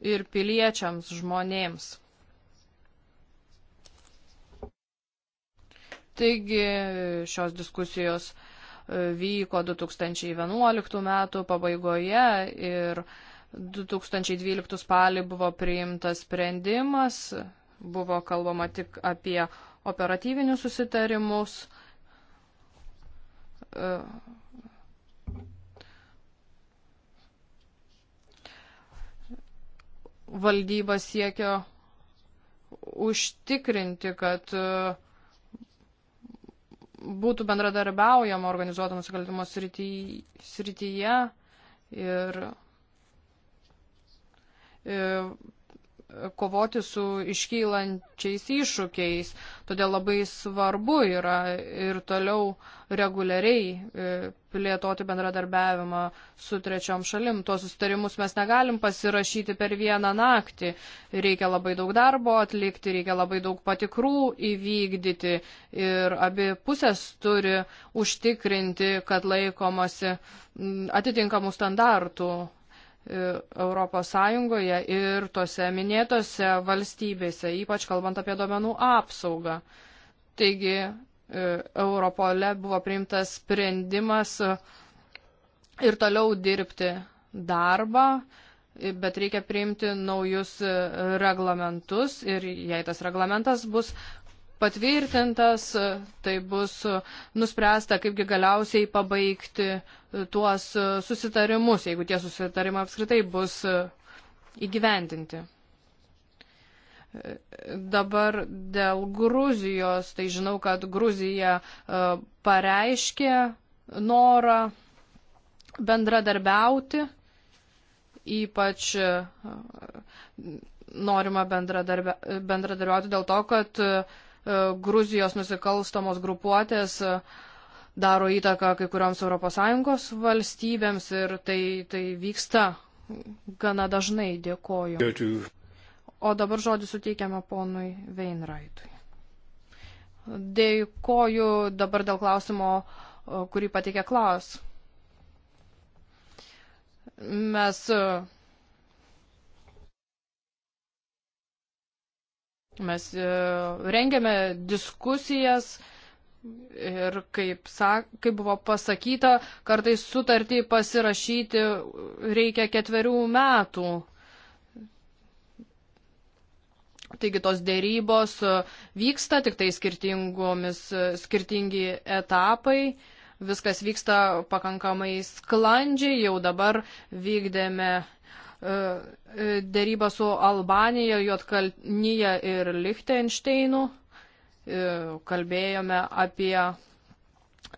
S1: ir piliečiams žmonėms. Taigi šios diskusijos e, vyko 2011 metų pabaigoje ir 2012 spalį buvo priimtas sprendimas, buvo kalbama tik apie operatyvinius susitarimus e, valdyba siekia užtikrinti, kad e, būtų bendradarbiaujama organizuoto nusikaltimo srityje ir e, kovoti su iškylančiais iššūkiais. Todėl labai svarbu yra ir toliau reguliariai e, plėtoti bendradarbiavimą su trečiom šalim. Tuos sustarimus mes negalim pasirašyti per vieną naktį. Reikia labai daug darbo atlikti, reikia labai daug patikrų įvykdyti ir abi pusės turi užtikrinti, kad laikomasi atitinkamų standartų ES ir tose minėtose valstybėse, ypač kalbant apie domenų apsaugą. Taigi e, Europole buvo priimtas sprendimas e, ir toliau dirbti darbą, bet reikia priimti naujus e, reglamentus ir jei tas reglamentas bus patvirtintas, tai bus nuspręsta, kaipgi galiausiai pabaigti tuos susitarimus, jeigu tie susitarimai apskritai bus įgyvendinti. Dabar dėl Gruzijos, tai žinau, kad Gruzija e, pareiškė norą bendradarbiauti, ypač e, norima bendradarbiauti dėl to, kad E, Gruzijos nusikalstamos grupuotės e, daro įtaką kai kurioms ES valstybėms ir tai, tai vyksta gana dažnai, dėkoju. O dabar žodį suteikiame ponui Veinraitui. Dėkoju dabar dėl klausimo, e, kurį pateikė Klaus. Mes Mes e, rengiame diskusijas ir, kaip, sak, kaip buvo pasakyta, kartais sutartį pasirašyti reikia ketverių metų. Taigi tos dėrybos e, vyksta, tik tai e, skirtingi etapai. Viskas vyksta pakankamai sklandžiai, jau dabar vykdėme E, e, dėrybą su Albanija, Jotkalnyje ir Lichtensteinu. E, kalbėjome apie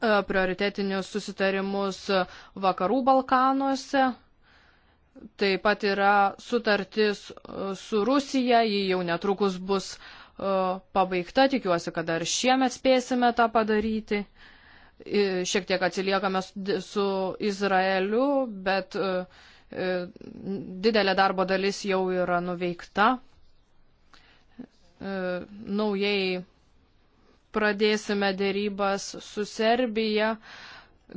S1: prioritetinius susitarimus vakarų Balkanuose. Taip pat yra sutartis su Rusija, ji jau netrukus bus pabaigta, tikiuosi, kad dar šiemet spėsime tą padaryti šiek tiek atsiliekame su Izraeliu, bet E, didelė darbo dalis jau yra nuveikta. E, naujai pradėsime dėrybas su Serbija.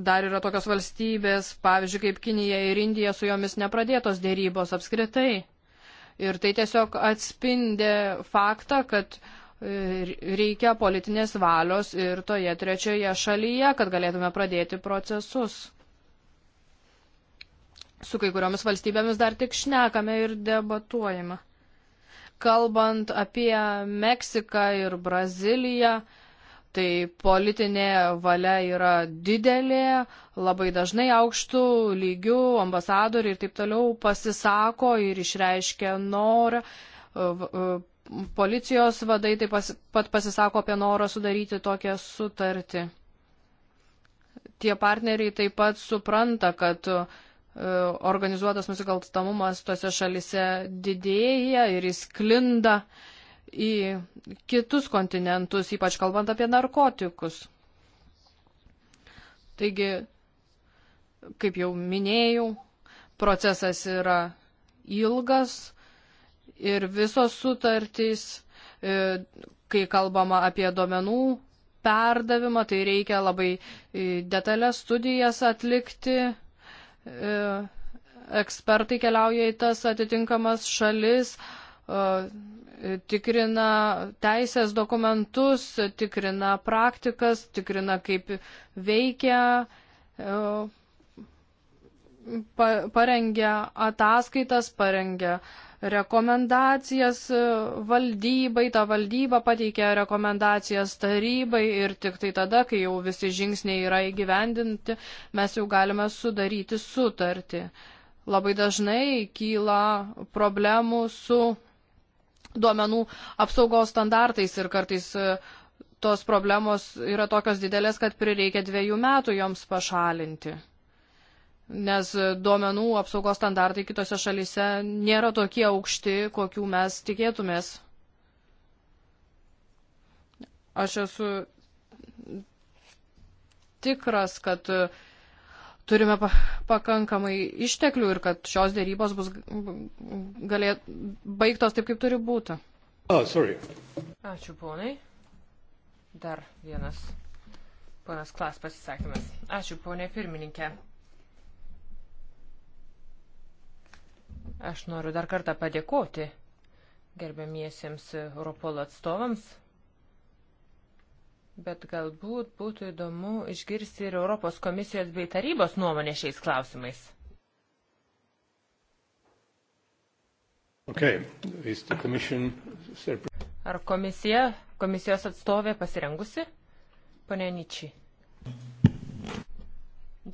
S1: Dar yra tokios valstybės, pavyzdžiui, kaip Kinija ir Indija, su jomis nepradėtos dėrybos apskritai. Ir tai tiesiog atspindė faktą, kad e, reikia politinės valios ir toje trečioje šalyje, kad galėtume pradėti procesus su kai kuriomis valstybėmis dar tik šnekame ir debatuojame. Kalbant apie Meksiką ir Braziliją, tai politinė valia yra didelė, labai dažnai aukštų lygių ambasadoriai ir taip toliau pasisako ir išreiškia norą. Policijos vadai taip pat pasisako apie norą sudaryti tokią sutartį. Tie partneriai taip pat supranta, kad E, organizuotas nusikalstamumas tose šalise didėja ir jis klinda į kitus kontinentus, ypač kalbant apie narkotikus. Taigi, kaip jau minėjau, procesas yra ilgas ir visos sutartys, e, kai kalbama apie duomenų perdavimą, tai reikia labai e, detalės studijas atlikti E, ekspertai keliauja į tas atitinkamas šalis, e, tikrina teisės dokumentus, tikrina praktikas, tikrina kaip veikia e, pa, parengia ataskaitas, parengia rekomendacijas valdybai, ta valdyba pateikia rekomendacijas tarybai ir tik tai tada, kai jau visi žingsniai yra įgyvendinti, mes jau galime sudaryti sutartį. Labai dažnai kyla problemų su duomenų apsaugos standartais ir kartais e, tos problemos yra tokios didelės, kad prireikia dviejų metų joms pašalinti nes duomenų apsaugos standartai kitose šalyse nėra tokie aukšti, kokių mes tikėtumės. Aš esu tikras, kad turime pakankamai išteklių ir kad šios dėrybos bus galėt, baigtos taip, kaip turi būti.
S2: Oh, sorry. Ačiū, ponai. Dar vienas ponas Klas pasisakymas. Ačiū, ponė pirmininkė. Aš noriu dar kartą padėkoti gerbiamiesiems Europolo atstovams, bet galbūt būtų įdomu išgirsti ir Europos komisijos bei tarybos nuomonę šiais klausimais. Okay. Commission... Ar komisija, komisijos atstovė pasirengusi? Pone Ničiai.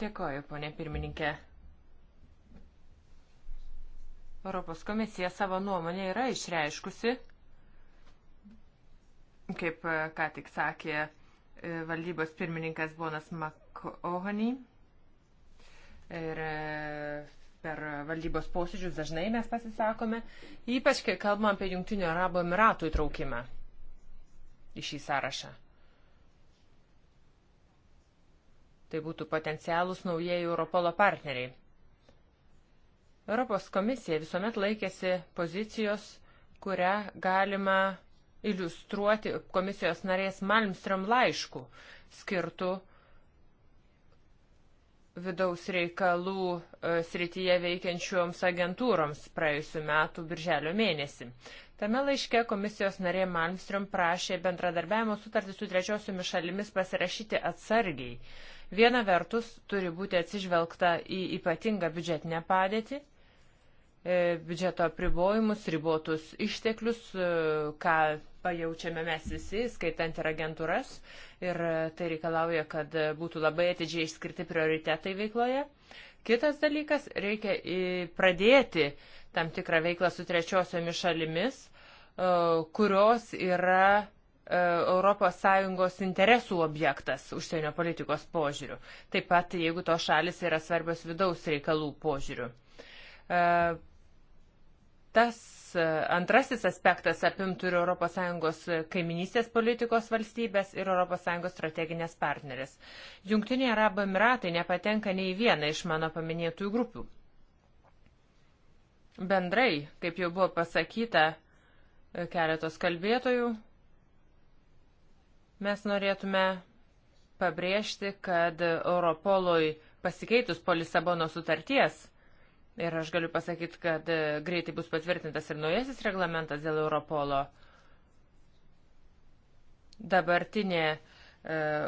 S2: Dėkoju, ponė pirmininkė. Europos komisija savo nuomonę yra išreiškusi, kaip e, ką tik sakė e, valdybos pirmininkas Bonas McOhony. Ir e, per valdybos posėdžius dažnai mes pasisakome, ypač kai kalbam apie Junktinio Arabo Emiratų įtraukimą į šį sąrašą. Tai būtų potencialūs naujieji Europolo partneriai. Europos komisija visuomet laikėsi pozicijos, kurią galima iliustruoti komisijos narės Malmström laišku skirtu vidaus reikalų e, srityje veikiančioms agentūroms praėjusiu metu birželio mėnesį. Tame laiške komisijos narė Malmström prašė bendradarbiavimo sutartį su trečiosiomis šalimis pasirašyti atsargiai. Viena vertus turi būti atsižvelgta į ypatingą biudžetinę padėtį, E, biudžeto apribojimus, ribotus išteklius, e, ką pajaučiame mes visi, skaitant ir agentūras. Ir e, tai reikalauja, kad būtų labai atidžiai išskirti prioritetai veikloje. Kitas dalykas, reikia pradėti tam tikrą veiklą su trečiosiomis šalimis, kurios yra ES interesų objektas užsienio politikos požiūrių. Taip pat, jeigu to šalis yra svarbios vidaus reikalų požiūrių tas e, antrasis aspektas apimtų ir ES kaiminystės politikos valstybės ir ES strateginės partnerės. Junktiniai Arabų Emiratai nepatenka nei vieną iš mano paminėtųjų grupių. Bendrai, kaip jau buvo pasakyta e, keletos kalbėtojų, mes norėtume pabrėžti, kad Europolui pasikeitus po Lisabono sutarties – Ir aš galiu pasakyti, kad e, greitai bus patvirtintas ir naujasis reglamentas dėl Europolo. Dabartinė e,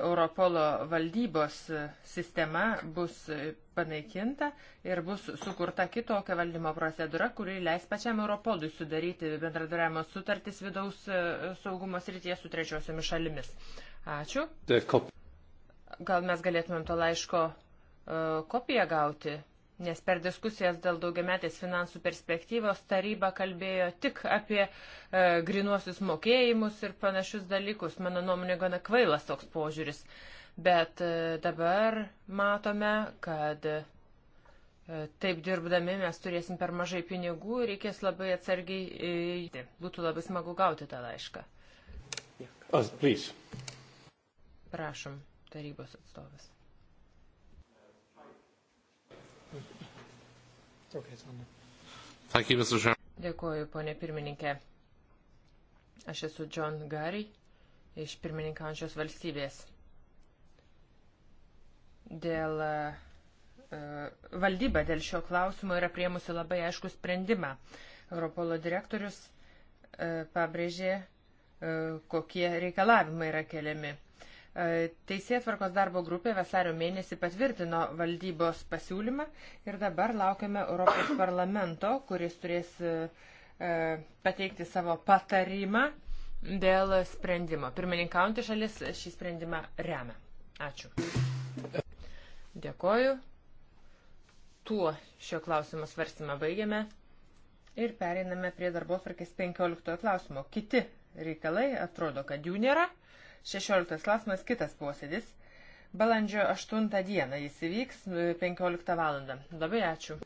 S2: Europolo valdybos e, sistema bus e, panaikinta ir bus sukurta kitokia valdymo procedūra, kuri leis pačiam Europolui sudaryti bendradarbiavimo sutartis vidaus saugumo srityje su trečiosiomis šalimis. Ačiū. Gal mes galėtumėm to laiško e, kopiją gauti? nes per diskusijas dėl daugiametės finansų perspektyvos taryba kalbėjo tik apie e, grinuosius mokėjimus ir panašius dalykus. Mano nuomonė gana kvailas toks požiūris. Bet e, dabar matome, kad e, taip dirbdami mes turėsim per mažai pinigų ir reikės labai atsargiai įti. E, Būtų labai smagu gauti tą laišką. Oh, please. Prašom, tarybos atstovas. Dėkuoju, ponė pirmininkė. Aš esu John Gary iš pirmininkaujančios valstybės. Dėl e, valdyba dėl šio klausimo yra priemusi labai aišku sprendimą. Europolo direktorius e, pabrėžė, e, kokie reikalavimai yra keliami. E, Teisėtvarkos darbo grupė vasario mėnesį patvirtino valdybos pasiūlymą ir dabar laukiame Europos parlamento, kuris turės e, e, pateikti savo patarimą dėl sprendimo. Pirmininkaujantį šalis šį sprendimą remia. Ačiū. Dėkoju. Tuo šio klausimo svarstymą baigiame ir pereiname prie darbo tvarkės 15 klausimo. Kiti reikalai atrodo, kad jų nėra. 16 klausimas, kitas posėdis. Balandžio 8 dieną jis įvyks 15 e, val. Labai ačiū.